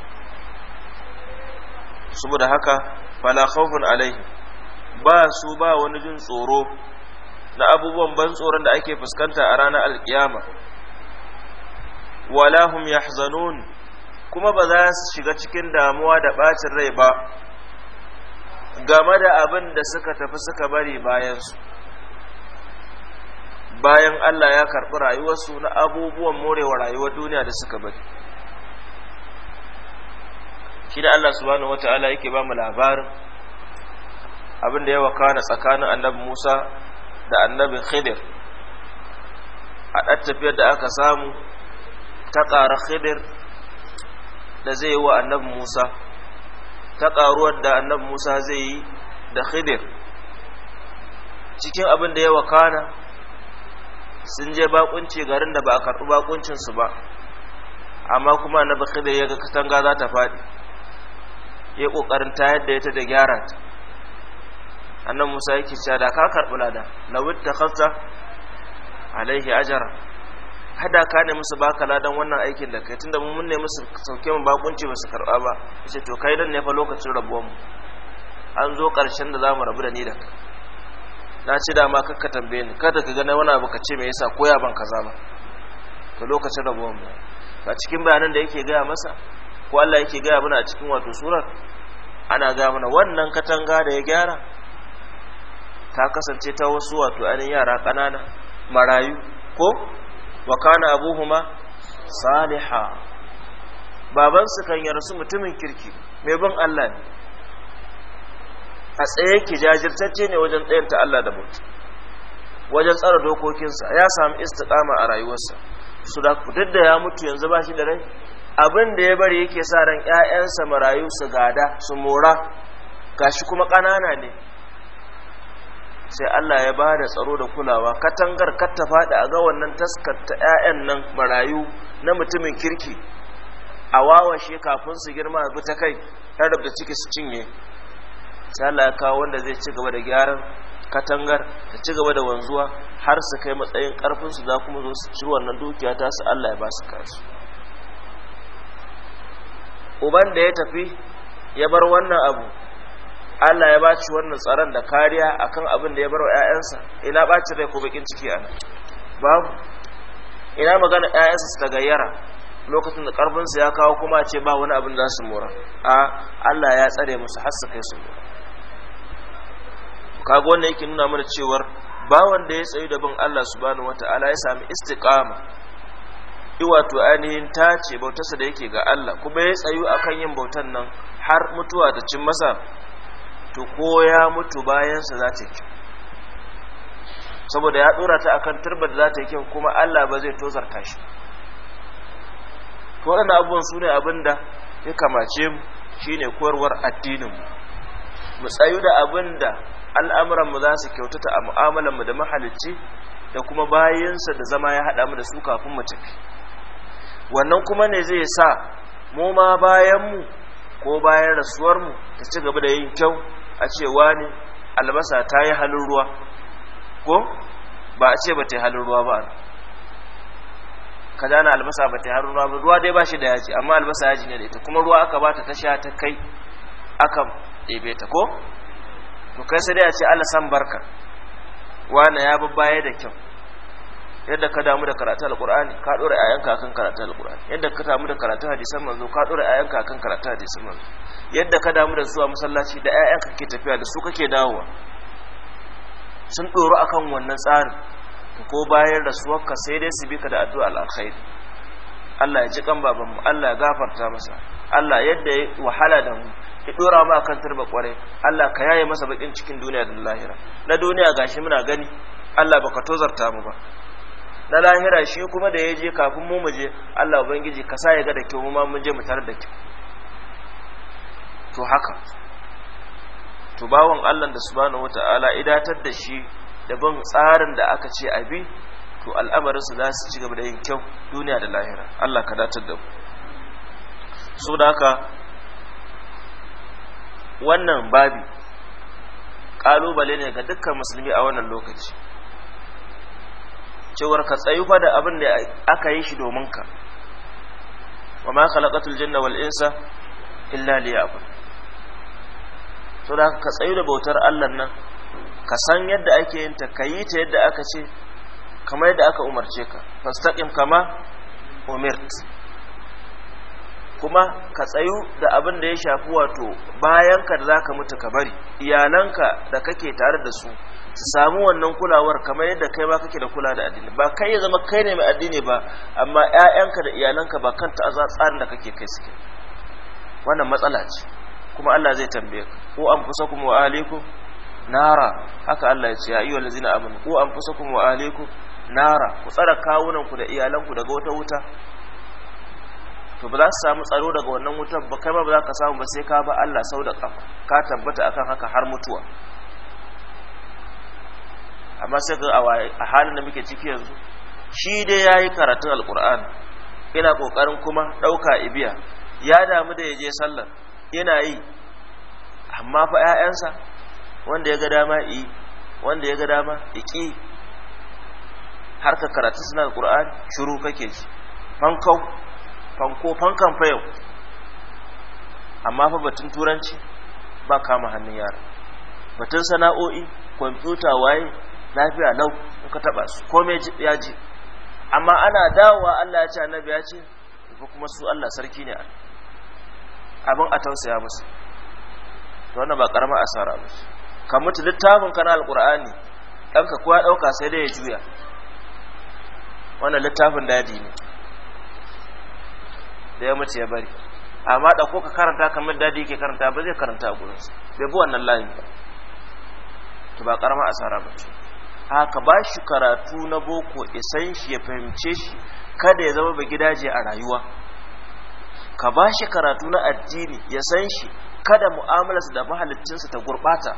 saboda haka fala khawfun alaihi ba su ba wani jin tsoro na abubuwan ban tsoron da ake fuskanta a ranar alkiyama wala hum yahzanun kuma ba za su shiga cikin damuwa da bacin rai ba game da abin da suka tafi suka bari bayansu bayan Allah ya karɓi rayuwarsu na abubuwan morewa rayuwar duniya da suka bari shi da Allah subhanahu wata'ala yake ba mu labarin abin da ya wakana tsakanin annabi Musa da annabi Khidir a ɗan tafiyar da aka samu ta ƙara Khidir da zai yi wa annabi Musa ta ƙaruwar da annabi Musa zai yi da Khidir cikin abin da ya wakana sun je bakunci garin da ba a karɓi bakuncinsu ba amma kuma na bakida ya ga katanga za ta faɗi ya ƙoƙarin ta yadda ya da gyara ta annan musa yake cewa da ka karɓi lada lawit ta kafta alaihi ajara hada ka ne musu baka ladan wannan aikin da kai tunda mun ne musu sauke mu bakunci ba su karɓa ba ce to kai nan ne fa lokacin rabuwan mu an zo ƙarshen da za mu rabu da ni da kai na ce dama kakka tambaye ni kada ka gane wani abu ka ce me yasa koya ban kaza ba to lokacin rabuwan mu a cikin bayanan da yake gaya masa ko Allah yake gaya mana a cikin wato surar ana ga mana wannan katanga da ya gyara ta kasance ta wasu wato anin yara kanana marayu ko wa kana abuhuma saliha babansu kan yarsu mutumin kirki mai ban Allah ne a tsaye ki jajirtacce ne wajen tsayanta Allah da mutu wajen tsara dokokinsa ya samu istiqama a rayuwarsa su da duk da ya mutu yanzu ba shi da rai abin da ya bari yake sa ran ƴaƴansa marayu su gada su mora gashi kuma ƙanana ne sai Allah ya ba da tsaro da kulawa katangar kar ta faɗi a ga wannan taskar ta ƴaƴan nan marayu na mutumin kirki a wawashe kafin su girma bi ta kai har da ciki su cinye sai Allah ya kawo wanda zai ci gaba da gyaran katangar ta ci gaba da wanzuwa har su kai matsayin karfin su za kuma zo su ci wannan dukiya ta su Allah ya ba su kansu uban da ya tafi ya bar wannan abu Allah ya baci wannan tsaron da kariya akan abin da ya bar wa ƴaƴansa ina bacin rai ko bakin ciki ana babu ina magana ƴaƴansa su tagayyara lokacin da karfin su ya kawo kuma a ce ba wani abin da su mora a Allah ya tsare musu har su kai su mora kaga wannan yake nuna mana cewar bawan da ya tsayu da bin Allah subhanahu wata'ala ya sami istiqama wato ainihin tace bautarsa da yake ga Allah kuma ya tsayu akan yin bautan nan har mutuwa ta cin masa to ko ya mutu bayansa za ta kyau saboda ya dora ta akan turba da za ta yi kyau kuma Allah ba zai tozarta shi waɗannan abubuwan su ne abin da ya kamace mu shine koyarwar addinin mu mu tsayu da abin da al'amuranmu za su kyautata a mu da mahalicci da kuma bayansa da zama ya haɗa mu da su kafin mu tafi wannan kuma ne zai sa mu ma bayanmu ko bayan rasuwarmu ta ci gaba da yin kyau a ce wani albasa ta yi halin ruwa ko ba a ce ba ta yi halin ruwa ba kaza na albasa ba ta yi halin ruwa ba ruwa dai ba shi da yaji amma albasa yaji ne da ita kuma ruwa aka ba ta tasha ta kai akan ɗebe ta ko to kai sai dai a ce Allah san barka wani ya babbaye da kyau yadda ka damu da karatu alqur'ani ka dora ayanka akan karatu alqur'ani yadda ka damu da karatu hadisan manzo ka dora ayanka akan karatu hadisan manzo yadda ka damu da zuwa masallaci da ayanka kake tafiya da su kake dawowa sun doro akan wannan tsarin ko bayan rasuwarka sai dai su bi ka da addu'a alkhair Allah ya ji kan babanmu Allah ya gafarta masa Allah yadda ya wahala da mu ya tura mu akan turba kwarai Allah ka yaye masa bakin cikin duniya da lahira na duniya gashi muna gani Allah baka tozarta mu ba na lahira shi kuma da yaje kafin mu muje Allah ubangiji ka sa ya ga da kyau mu ma mun je mu tar da kyau to haka to bawon Allah da subhanahu wataala idatar da shi da bin tsarin da aka ce abi to al'amarin su za su ci gaba da yin kyau duniya da lahira Allah ka datar da mu so da haka wannan babi ƙalubale ne ga dukkan musulmi a wannan lokaci cewar ka tsayu fa da abin da aka yi shi domin ka wa ma khalaqatul janna wal insa illa liya'bud to da ka tsayu da bautar Allah nan ka san yadda ake yin ta kayi ta yadda aka ce kamar yadda aka umarce ka fastaqim kama umirt kuma ka tsayu da abin da ya shafi wato bayanka da ka mutu ka bari iyalanka da kake tare da su su samu wannan kulawar kamar yadda kai ma kake da kula da addini ba kai ya zama kai ne mai addini ba amma ƴaƴanka da iyalanka ba kanta a tsarin da kake kai suke wannan matsala ce kuma Allah zai tambaye ka ko an fusa kuma wa alaikum nara haka Allah ya ce ya ayyuhal ladzina amanu ko an fusa kuma wa alaikum nara ku tsara kawunanku da iyalanku daga wata wuta to ba za su samu tsaro daga wannan wutar ba kai ba za ka samu ba sai ka ba Allah sau da ka tabbata akan haka har mutuwa amma sai ga a halin da muke ciki yanzu shi dai ya yi karatun alkur'ani ina ƙoƙarin kuma ɗauka ibiya ya damu da yaje sallar yana yi amma fa 'ya'yansa wanda ya ga dama yi wanda ya ga dama iki harka karatu suna alkur'ani shiru kake ji man kau fanko fankan fa yau amma fa batun turanci ba kama hannun yara batun sana'o'i kwamfuta waye lafiya lau in ka taba su kome ya ji amma ana dawowa Allah ya ce annabi ya ce ba kuma su Allah sarki ne abin a tausaya musu to wanda ba karamar asara musu, ka mutu littafin kana alkur'ani ɗanka kuwa ɗauka sai dai ya juya wannan littafin dadi ne da ya mace ya bari amma da ko ka karanta kamar dadi yake karanta ba zai karanta a gurinsa bai bi wannan layin ba to ba karama asara ba haka ba shi karatu na boko isan shi ya fahimce shi kada ya zama ba gidaje a rayuwa ka ba shi karatu na addini ya san shi kada mu'amalarsa da mahalittinsa ta gurbata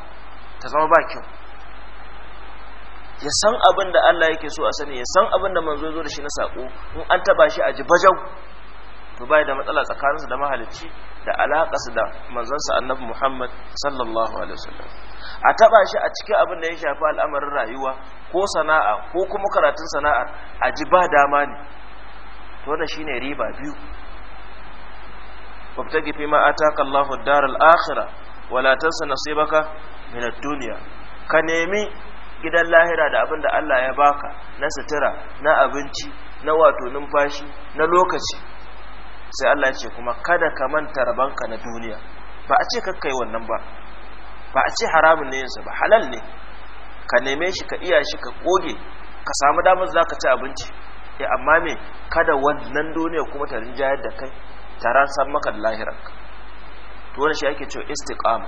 ta zama ba kyau ya san abin da Allah yake so a sani ya san abin da manzo zo da shi na sako in an taba shi a ji bajau to bai da matsala tsakaninsu da mahalicci da su da manzansa annabi Muhammad sallallahu alaihi wasallam a taba shi a cikin abin da ya shafi al'amarin rayuwa ko sana'a ko kuma karatun sana'ar a ji ba dama ne to wannan shine riba biyu wabtagi fi ma ataka Allahu ad-daral akhirah wala tansa nasibaka min ad-dunya ka nemi gidan lahira da abin da Allah ya baka na sutura na abinci na wato numfashi na lokaci sai Allah ya ce kuma kada ka manta rabanka na duniya ba a ce kai wannan ba ba a ce haramun ne yinsa ba halal ne ka neme shi ka iya shi ka koge ka samu damar za ka ci abinci ya eh, amma me kada wannan duniya kuma ta rinjayar da kai ta ransar maka da lahiranka to wani shi ake cewa istiqama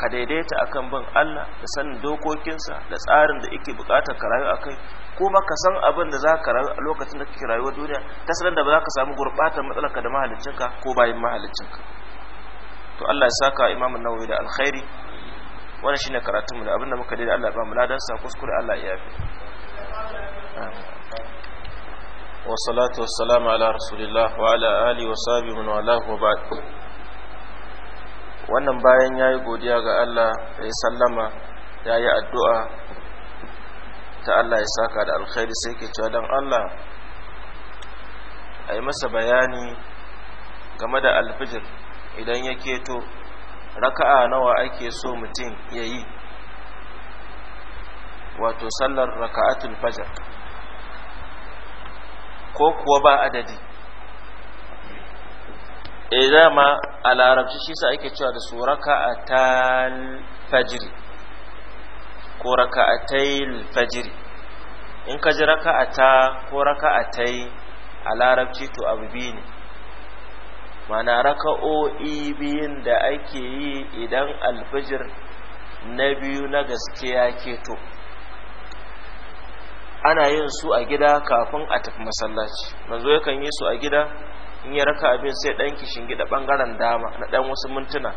ka daidaita akan bin Allah da sanin dokokinsa da tsarin da yake bukatar ka rayu akai kuma ka san abin da za ka rayu a lokacin da kake rayuwar duniya ta sanar da ba za ka samu gurɓatar matsalarka da mahalicinka ko bayan mahalicinka to Allah ya saka Imam Nawawi da alkhairi wannan shine karatun mu da abinda muka da Allah ba mu ladan sa kuskure Allah ya yafi wa salatu wassalamu ala rasulillah wa ala alihi wa sahbihi wa wala wa ba'd wannan bayan yayi godiya ga Allah ya sallama yayi addu'a ta Allah ya saka da alkhairi sai ke cewa don Allah a masa bayani game da alfijir idan ya keto raka'a nawa ake so mutum ya yi wato sallar raka'atul fajr ko kuwa ba adadi e eh, ma a larabci shi sa ake cewa da su raka'atul fajiri ko raka'atai fajiri in ka ji raka'ata ko raka'atai a larabci to abu biyu ne mana raka'o'i biyun da ake yi idan alfajir na biyu na gaskiya keto ana yin su a gida kafin a tafi masallaci manzo yakan yi su a gida in ya raka abin sai dan kishin gida bangaren dama na ɗan wasu mintuna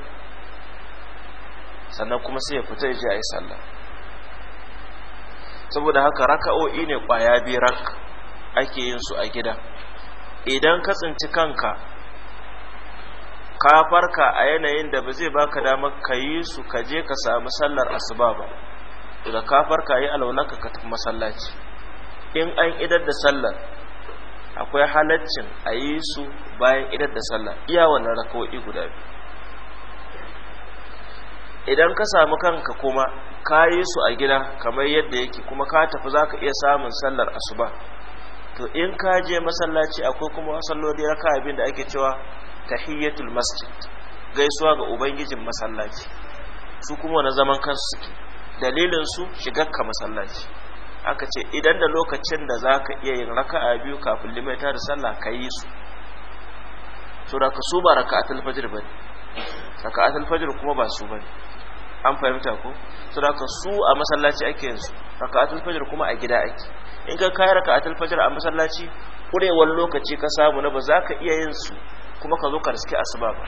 sannan kuma sai ya fita ya je a yi sallah saboda haka raka'o'i ne kwaya rak ake yin su a gida idan ka tsinci kanka kafarka a yanayin da ba zai baka dama ka yi su ka je ka samu sallar asuba ba daga ka farka yi alwalaka ka tafi masallaci in an idar da sallar akwai halaccin a yi su bayan idar da sallar. iya wannan raka'o'i guda biyu idan ka samu kanka kuma ka yi su a gida kamar yadda yake kuma ka tafi za ka iya samun sallar asuba to in ka je masallaci akwai kuma salloli raka abin da ake cewa tahiyyatul masjid gaisuwa ga ubangijin masallaci su kuma wani zaman kansu suke dalilin su shigar ka masallaci aka ce idan da lokacin da za ka iya yin raka a biyu kafin limaita da sallah ka yi su so da ka su ba ba ne raka raka'atul fajr kuma ba su bane an fahimta ko su da ka su a masallaci ake yin su raka'atul fajr kuma a gida ake in ka kai raka'atul fajr a masallaci kurewar lokaci ka samu na ba za ka iya yin su kuma ka zo ka riske asuba ba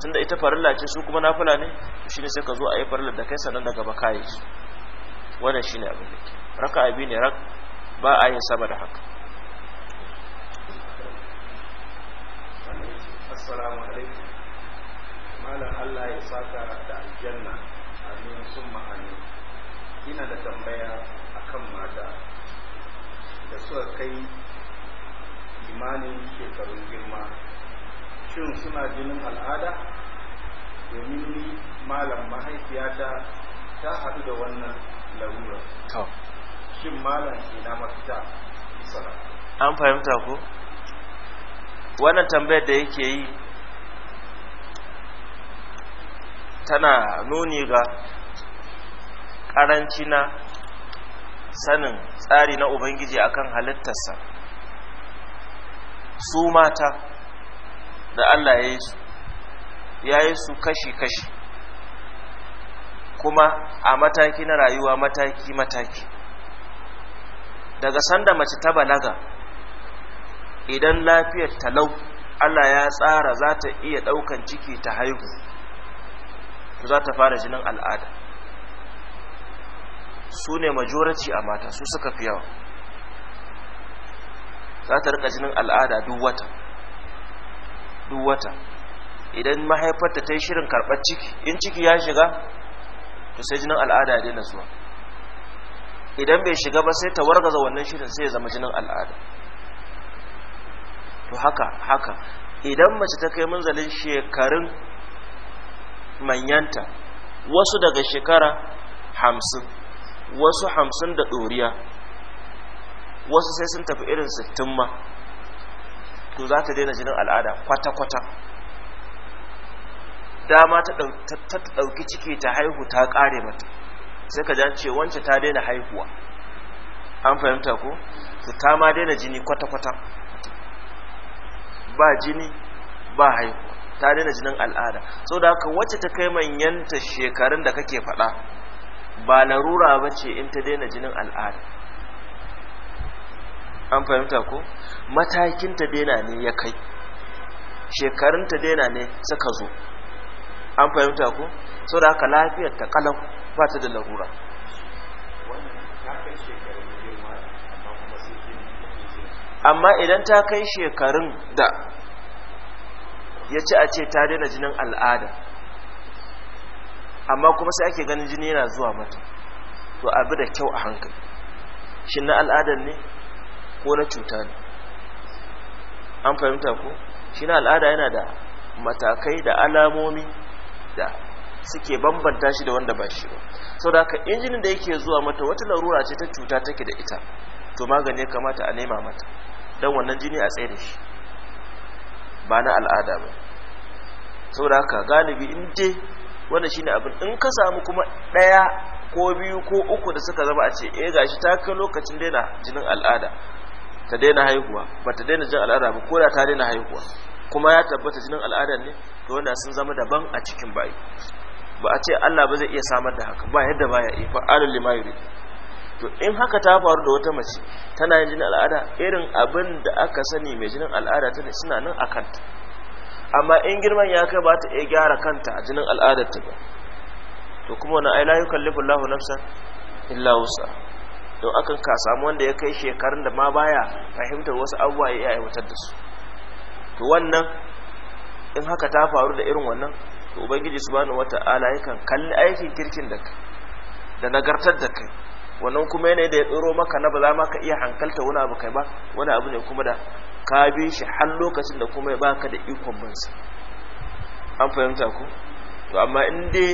tunda ita farilla ce su kuma nafila ne shine sai ka zo a yi farilla da kai sannan daga ba yi su wannan shine abin da ke raka'a biyu ne rak ba a yin sama da haka assalamu alaikum malam Allah ya saka da aljanna sun ma'ani ina da tambaya a kan mata da suka kai imanin shekarun girma shin suna jinin al'ada domin ni malam mahaifiyata ta haɗu da wannan larura shin malam ke na mafita sana an fahimta ko wannan tambayar da yake yi tana nuni ga karanci na sanin tsari na ubangiji akan halittarsa su mata da allah ya yi su ya yi su kashi-kashi kuma a mataki na rayuwa mataki-mataki daga sanda mace ta balaga idan lafiyar talau allah ya tsara za ta iya ɗaukan ciki ta haihu za ta fara jinin al'ada su ne majoraci a mata su suka fi yawa za ta rika jinin al'ada duk wata duk wata idan mahaifarta ta yi shirin karɓar ciki in ciki ya shiga to sai jinin al'ada ya daina zuwa idan bai shiga ba sai ta wargaza wannan shirin sai ya zama jinin al'ada to haka haka idan mace ta kai zalin shekarun manyanta wasu daga shekara hamsin wasu hamsin da ɗoriya wasu sai sun tafi irin sittin ma to za ta daina jinin al'ada kwata-kwata dama ta ɗauki ciki ta haihu ta ƙare mata sai ka jan ce wance ta daina haihuwa an fahimta ko su ta ma daina jini kwata-kwata ba jini ba haihuwa ta daina jinin al'ada sau da haka wacce ta kai manyanta shekarun da kake faɗa ba larura ba ce in ta daina jinin al'ada an fahimta ko matakin ta daina ne ya kai shekarun ta daina ne suka zo an fahimta ko sau da haka lafiyar ta kalau ba ta da larura amma idan ta kai shekarun da ya ci a ce ta daina jinin al'ada amma kuma sai ake ganin jini yana zuwa mata to abu da kyau a hankali shi na al'adar ne ko na cuta ne an fahimta ko shi na al'ada yana da matakai da alamomi da suke bambanta shi da wanda ba shi ba sau da haka injinin da yake zuwa mata wata larura ce ta cuta take da ita to magani ya kamata a nema mata don wannan jini a tsaye da shi ba na al'ada ba sau da haka galibi in dai wannan shine abin in ka samu kuma ɗaya ko biyu ko uku da suka zama a ce eh gashi ta kai lokacin daina jinin al'ada ta daina haihuwa ba ta daina jin al'ada ba ko da ta daina haihuwa kuma ya tabbata jinin al'ada ne to wanda sun zama daban a cikin bayi ba a ce Allah ba zai iya samar da haka ba yadda baya yi fa alul limayri to in haka ta faru da wata mace tana yin jinin al'ada irin abin da aka sani mai jinin al'ada ta suna nan a kanta amma in girman ya kai ba ta iya gyara kanta a jinin al'adarta ba to kuma wani ai la yukallifu Allahu nafsan illa wusa don akan ka samu wanda ya kai shekarun da ma baya fahimtar wasu abubuwa ya aiwatar da su to wannan in haka ta faru da irin wannan to ubangiji subhanahu wata'ala yakan kalli aikin kirkin da kai da nagartar da kai wannan kuma yanayi da ya tsoro maka na ba za ma ka iya hankalta wani abu kai ba wani abu ne kuma da ka bi shi har lokacin da kuma ya baka da ikon binsa an fahimta ku to amma in dai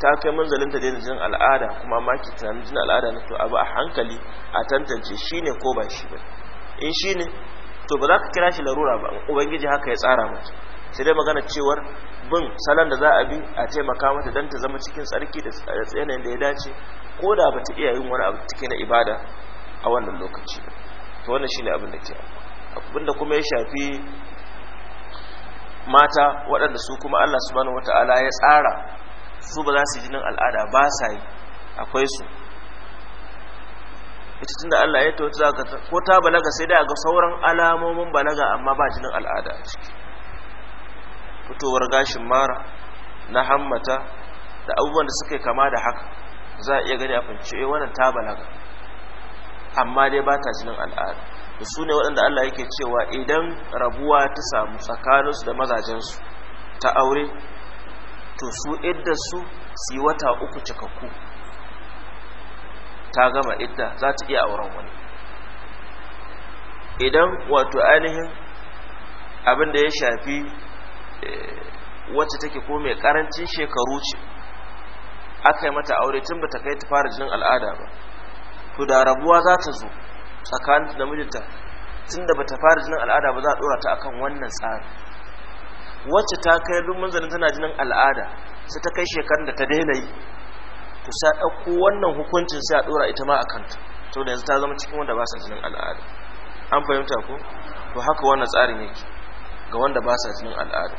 ta kai manzalin ta daina jin al'ada kuma ma ki tunanin jin al'ada na to abu a hankali a tantance shine ko ba shi ba in shine to ba za ka kira shi larura ba ubangiji haka ya tsara mata sai dai magana cewar bin salon da za a bi a taimaka mata don ta zama cikin tsarki da tsanayin da ya dace ko da ba ta iya yin wani abu cikin na ibada a wannan lokaci to wannan shine abin da ke akwai abinda kuma ya shafi mata waɗanda su kuma Allah subhanahu wata'ala ya tsara su ba za su jinin al'ada ba sa yi akwai su ita tunda Allah ya tawata za ko ta balaga sai dai ga sauran alamomin balaga amma ba jinin al'ada a ciki fitowar gashin mara na hammata da abubuwan da suke kama da haka za a iya gani a fahimci eh, wannan ta balaga amma dai ba ta jinin al'ada su ne waɗanda Allah yake cewa idan rabuwa ta samu tsakaninsu da mazajensu ta aure to su idda su yi wata uku cikakku ta gama idda za ta iya auren wani idan wato ainihin abin da ya shafi eh, wacce take ko mai karancin shekaru ce aka yi mata aure tun ba ta kai ta fara jinin al'ada ba to da rabuwa za ta zo tsakanin da mijinta tunda bata fara jinin al'ada ba za a ɗora ta akan wannan tsari wacce ta kai duk manzanin tana jinin al'ada sai ta kai shekarun da ta daina yi to sai ɗauko wannan hukuncin sai a ɗora ita ma a kanta to da yanzu ta zama cikin wanda ba sa jinin al'ada an fahimta ko to haka wannan tsarin yake ga wanda ba sa jinin al'ada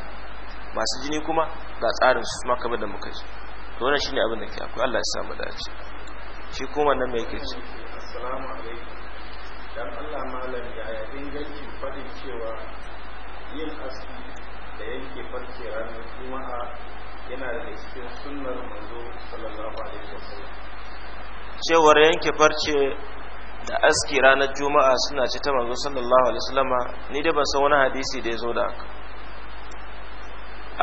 masu jini kuma ga tsarin su ma kamar da muka ji to wannan shine abin da ke akwai Allah ya sa mu dace shi kuma nan me yake ci assalamu alaikum dan Allah malam yaya inganci fadin cewa yin aski da yanke farce ranar juma'a yana da cikin sunnar manzo sallallahu alaihi wasallam cewar yanke farce da aski ranar juma'a suna ci ta manzo sallallahu alaihi wasallama ni da ban san wani hadisi da ya zo da haka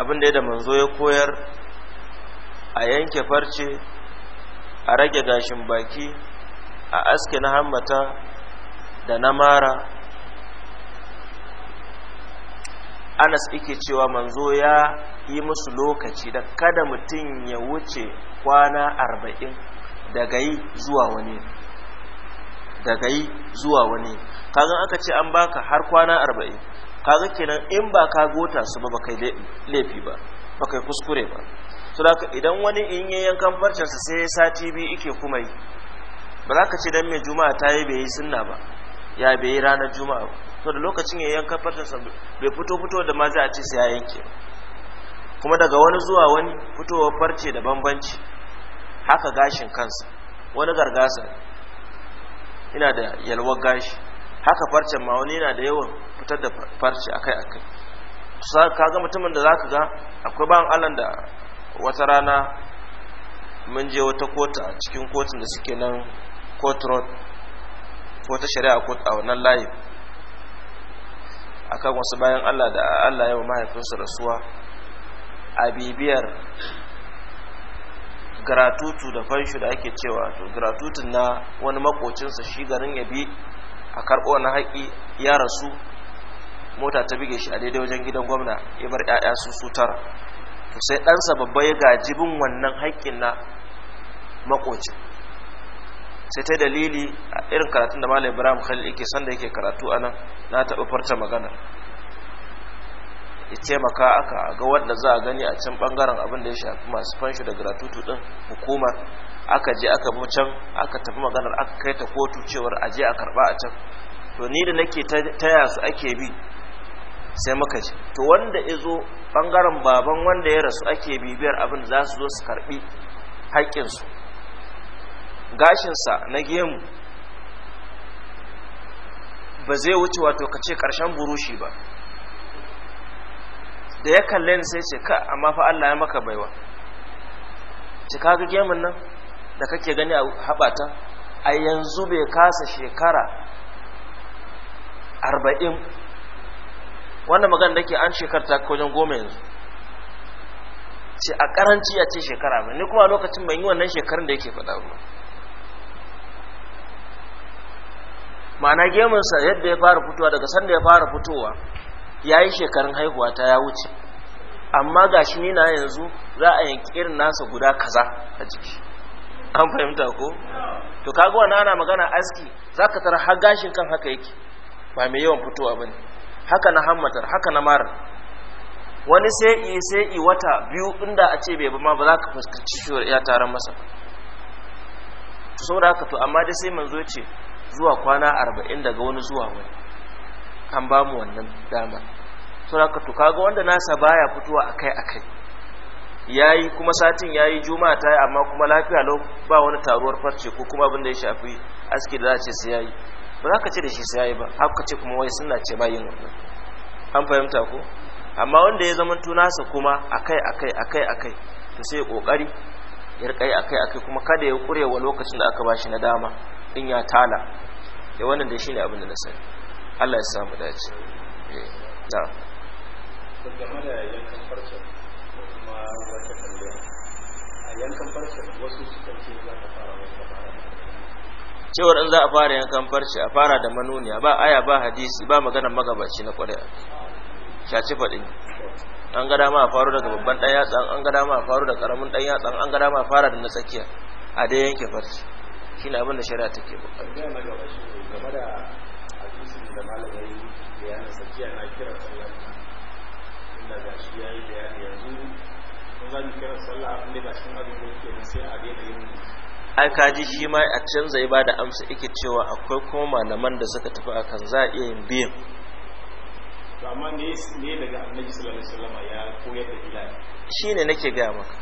abin da ya da manzo ya koyar a yanke farce a rage gashin baki a aske na hammata da na mara anas ike cewa manzo ya yi musu lokaci da kada mutum ya wuce kwana arba'in daga yi zuwa wani daga yi zuwa wani kazan aka ce an baka har kwana arba'in kaga kenan in ba ka gota su ba kai laifi ba kai kuskure ba su da idan wani in yi yankan farcinsa sai sati biyu ike kuma yi ba za ka ce dan mai juma'a ta yi bai yi sunna ba ya bai yi ranar juma'a to da lokacin ya yanka farcinsa bai fito fito da ma za a ce sai ya yanke kuma daga wani zuwa wani fitowar farce da bambanci haka gashin kansa wani gargasa ina da yalwar gashi haka farcen ma wani yana da yawan fitar da farce akai akai ka ga mutumin da zaka ga akwai ban Allah da wata rana mun je wata kota a cikin kotun da suke nan court road ko ta shari'a ko a wannan layin akan wasu bayan Allah da Allah yawa mahaifinsu rasuwa a bibiyar gratutu da fanshi da ake cewa to gratutun na wani makocinsa shi garin ya bi a karɓo na haƙi ya rasu mota ta bige shi a daidai wajen gidan gwamna ya bar 'ya'ya su sutar to sai ɗansa babba ya gaji bin wannan haƙƙin na makocin sai ta dalili a irin karatun da malam ibrahim khalil yake sanda yake karatu anan na taɓa farta magana ya taimaka aka ga wanda za a gani a can bangaren abin da ya shafi masu fanshi da gratutu din hukumar aka je aka bi can aka tafi maganar aka kai ta kotu cewar a je a karba a can to ni da nake taya su ake bi sai muka ji to wanda ya zo bangaren baban wanda ya rasu ake bibiyar abin da za su zo su karɓi haƙƙinsu gashinsa na gemu ba zai wuce wato kace ce ƙarshen burushi ba da ya kalle ni sai ce ka amma fa Allah ya maka baiwa ci ka ga gemun nan da kake gani a haɓata a yanzu bai kasa shekara arba'in wannan magana da ke an shekarta wajen goma yanzu ce a karanci a ce shekara mai ni kuma lokacin ban yi wannan shekarun da yake faɗa ba ma'ana gemunsa yadda ya fara fitowa daga sanda ya fara fitowa ya yi shekarun haihuwa ta ya wuce amma ga shi nina yanzu za a yanki irin nasa guda kaza a jiki an fahimta ko to kaga na, ana magana aski za ka tara har gashin kan haka yake ba mai yawan fitowa ba ne haka na hammatar haka na Mara. wani sai i sai i wata biyu inda a ce bai ba ba za ka fuskanci shi ya taron masa saboda haka to amma dai sai manzo ce zuwa kwana arba'in daga wani zuwa wani an ba mu wannan dama suna ka kaga wanda nasa baya fitowa akai akai yayi kuma satin yayi juma'a ta yi amma kuma lafiya lau ba wani taruwar farce ko kuma abin da ya shafi aski da za a ce sai yayi ba za ka ce da shi sai yayi ba haka ce kuma wai suna ce ba yin wannan an fahimta ko amma wanda ya zama tunasa kuma akai akai akai akai to sai ya kokari ya akai akai kuma kada ya kurewa lokacin da aka bashi na dama din ya tala, da wannan da shine abin da na sani Allah ya samu dace eh, na game da yankan kuma wata a yankan wasu za ka fara wasu fara cewar in za a fara yankan farce a fara da manuniya ba aya ba hadisi ba maganar magabaci na ƙwarya shaci faɗin an ga dama a faru daga babban ɗan yatsa an ga dama a faru da ƙaramin ɗan yatsa an ga dama a fara da na tsakiya a dai yanke farce shine abin da shari'a take ba shi abin da kaji shi ma a canza ya bada amsa yake cewa akwai kuma malaman da suka tafi a kan za a iya yin biyan amma ne ne daga annabi sallallahu alaihi wasallam ya koyar da bilal shine nake ga maka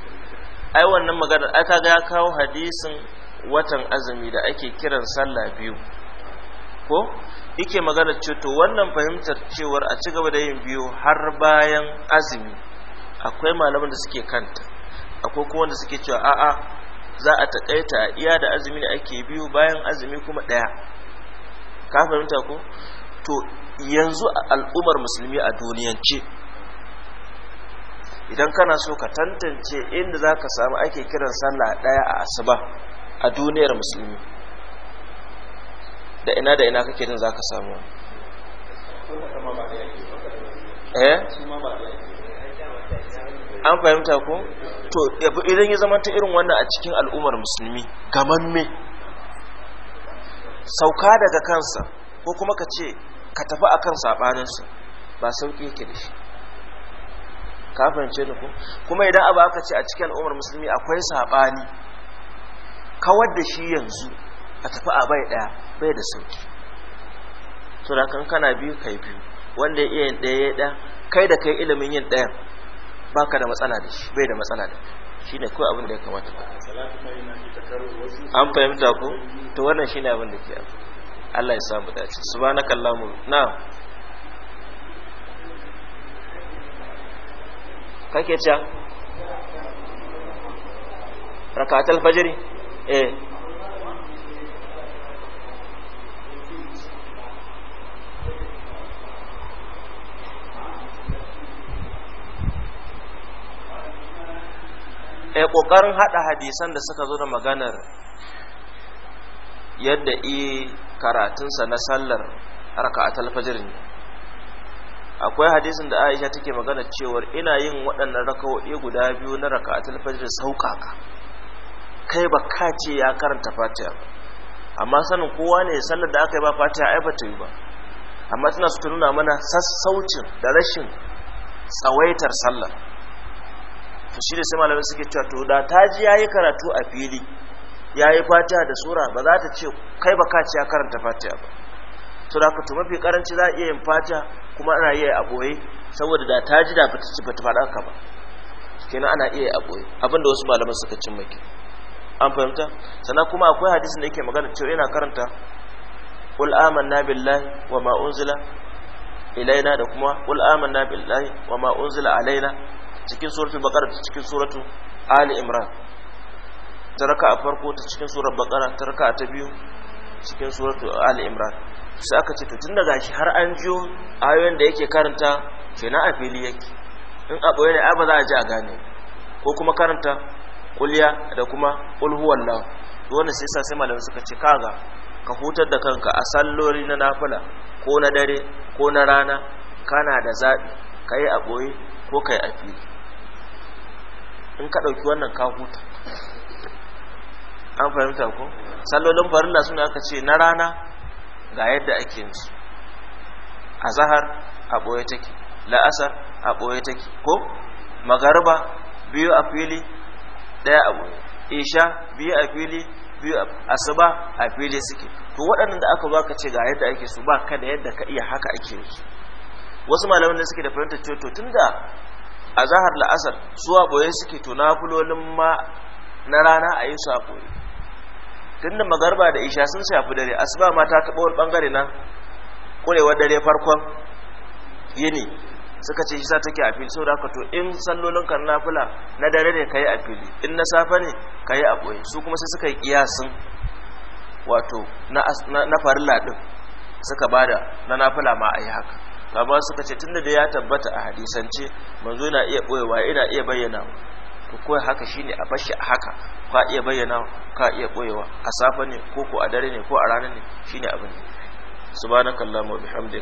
ai wannan magana aka ga ya kawo hadisin watan azumi da ake kiran sallah biyu ko yake magana to wannan fahimtar cewar a ci gaba da yin biyu har bayan azumi akwai malaman da suke kanta akwai kuma wanda suke cewa a'a za a taƙaita a iya da azumi da ake biyu bayan azumi kuma daya ka fahimta ko to yanzu al'ummar musulmi a duniyance idan kana so ka tantance inda za ka samu ake kiran sallah ɗaya a asuba a duniyar musulmi da ina da ina kake jin za ka samu eh an fahimta ko to idan ya zama ta irin wannan a cikin al'ummar musulmi me sauka daga kansa ko kuma ka ce ka tafi a kan sabaninsa ba sauki yake da shi ka ce ni ko kuma idan abu aka ce a cikin al'ummar musulmi akwai sabani kawar da shi yanzu a tafi a bai ɗaya bai da sauki to da kan kana biyu kai biyu wanda ya iya ɗaya ya ɗaya kai da kai ilimin yin ɗayan baka da matsala da shi bai da matsala da shi ne kawai abin da ya kamata ba an fahimta ku to wannan shi ne abin da ke Allah ya samu dace subhanakallahu na kake ca rakatul fajri eh e kokarin hada hadisan da suka zo da maganar yadda i karatunsa na sallar raka'atul fajr ne akwai hadisin da Aisha take magana cewa ina yin waɗannan raka'o'i guda biyu na raka'atul fajr sauƙaƙa kai ba ka ce ya karanta fatiha amma sanin kowa ne sallar da aka yi ba fatiha ai bata yi ba amma suna su nuna mana sassaucin da rashin tsawaitar sallar to shi da sai malamai suke cewa to da ta ji yayi karatu a fili yayi fatiha da sura ba za ta ce kai ba ka ce ya karanta fatiha ba to da to mafi karanci za a iya yin fatiha kuma ana iya a boye saboda da ta ji da ba bata faɗa ka ba kenan ana iya a boye abinda wasu malaman suka cin maki an fahimta sannan kuma akwai hadisin da yake magana cewa yana karanta qul amanna billahi wa ma unzila ilaina da kuma qul amanna billahi wa ma unzila alaina cikin suratul baqara cikin suratul ali imran ta raka a farko ta cikin suratul baqara ta raka ta biyu cikin suratul ali imran sai aka ce to tun daga shi har an jiyo ayoyin da yake karanta kenan a fili yake in a boye ne a ba za a ji a gane ko kuma karanta kulya da kuma ulhuwallah huwallahu to wannan sai sa sai malamai suka ce kaga ka hutar da kanka a sallori na nafila ko na dare ko na rana kana da zabi kai a boye ko kai a fili in ka dauki wannan ka huta an fahimta ko sallolin farilla suna aka ce na rana ga yadda ake yin a zahar a boye take la'asar a ɓoye take ko magarba biyu a fili ɗaya abu isha biyu a fili biyu asuba a fili suke to waɗannan da aka baka ce ga yadda ake su ba ka da yadda ka iya haka ake yi wasu malamin da suke da fahimtar cewa to tunda a zahar la'asar suwa boye suke to na fulolin ma na rana a yi su a boye tunda magarba da isha sun shafi dare asuba ma ta taɓa wani ɓangare na ƙurewar dare farkon yini suka ce shi sa take a fili saboda haka to in sallolin kan nafila na dare ne kai a fili in na safe ne kai a boye su kuma sai suka yi kiyasin wato na na farilla din suka bada na nafila ma ayi haka amma suka ce tunda da ya tabbata a hadisance manzo na iya boyewa ina iya bayyana to kai haka shine a bashi a haka ka iya bayyana ka iya boyewa a safe ne ko ko a dare ne ko a rana ne shine abin subhanakallahumma wa bihamdika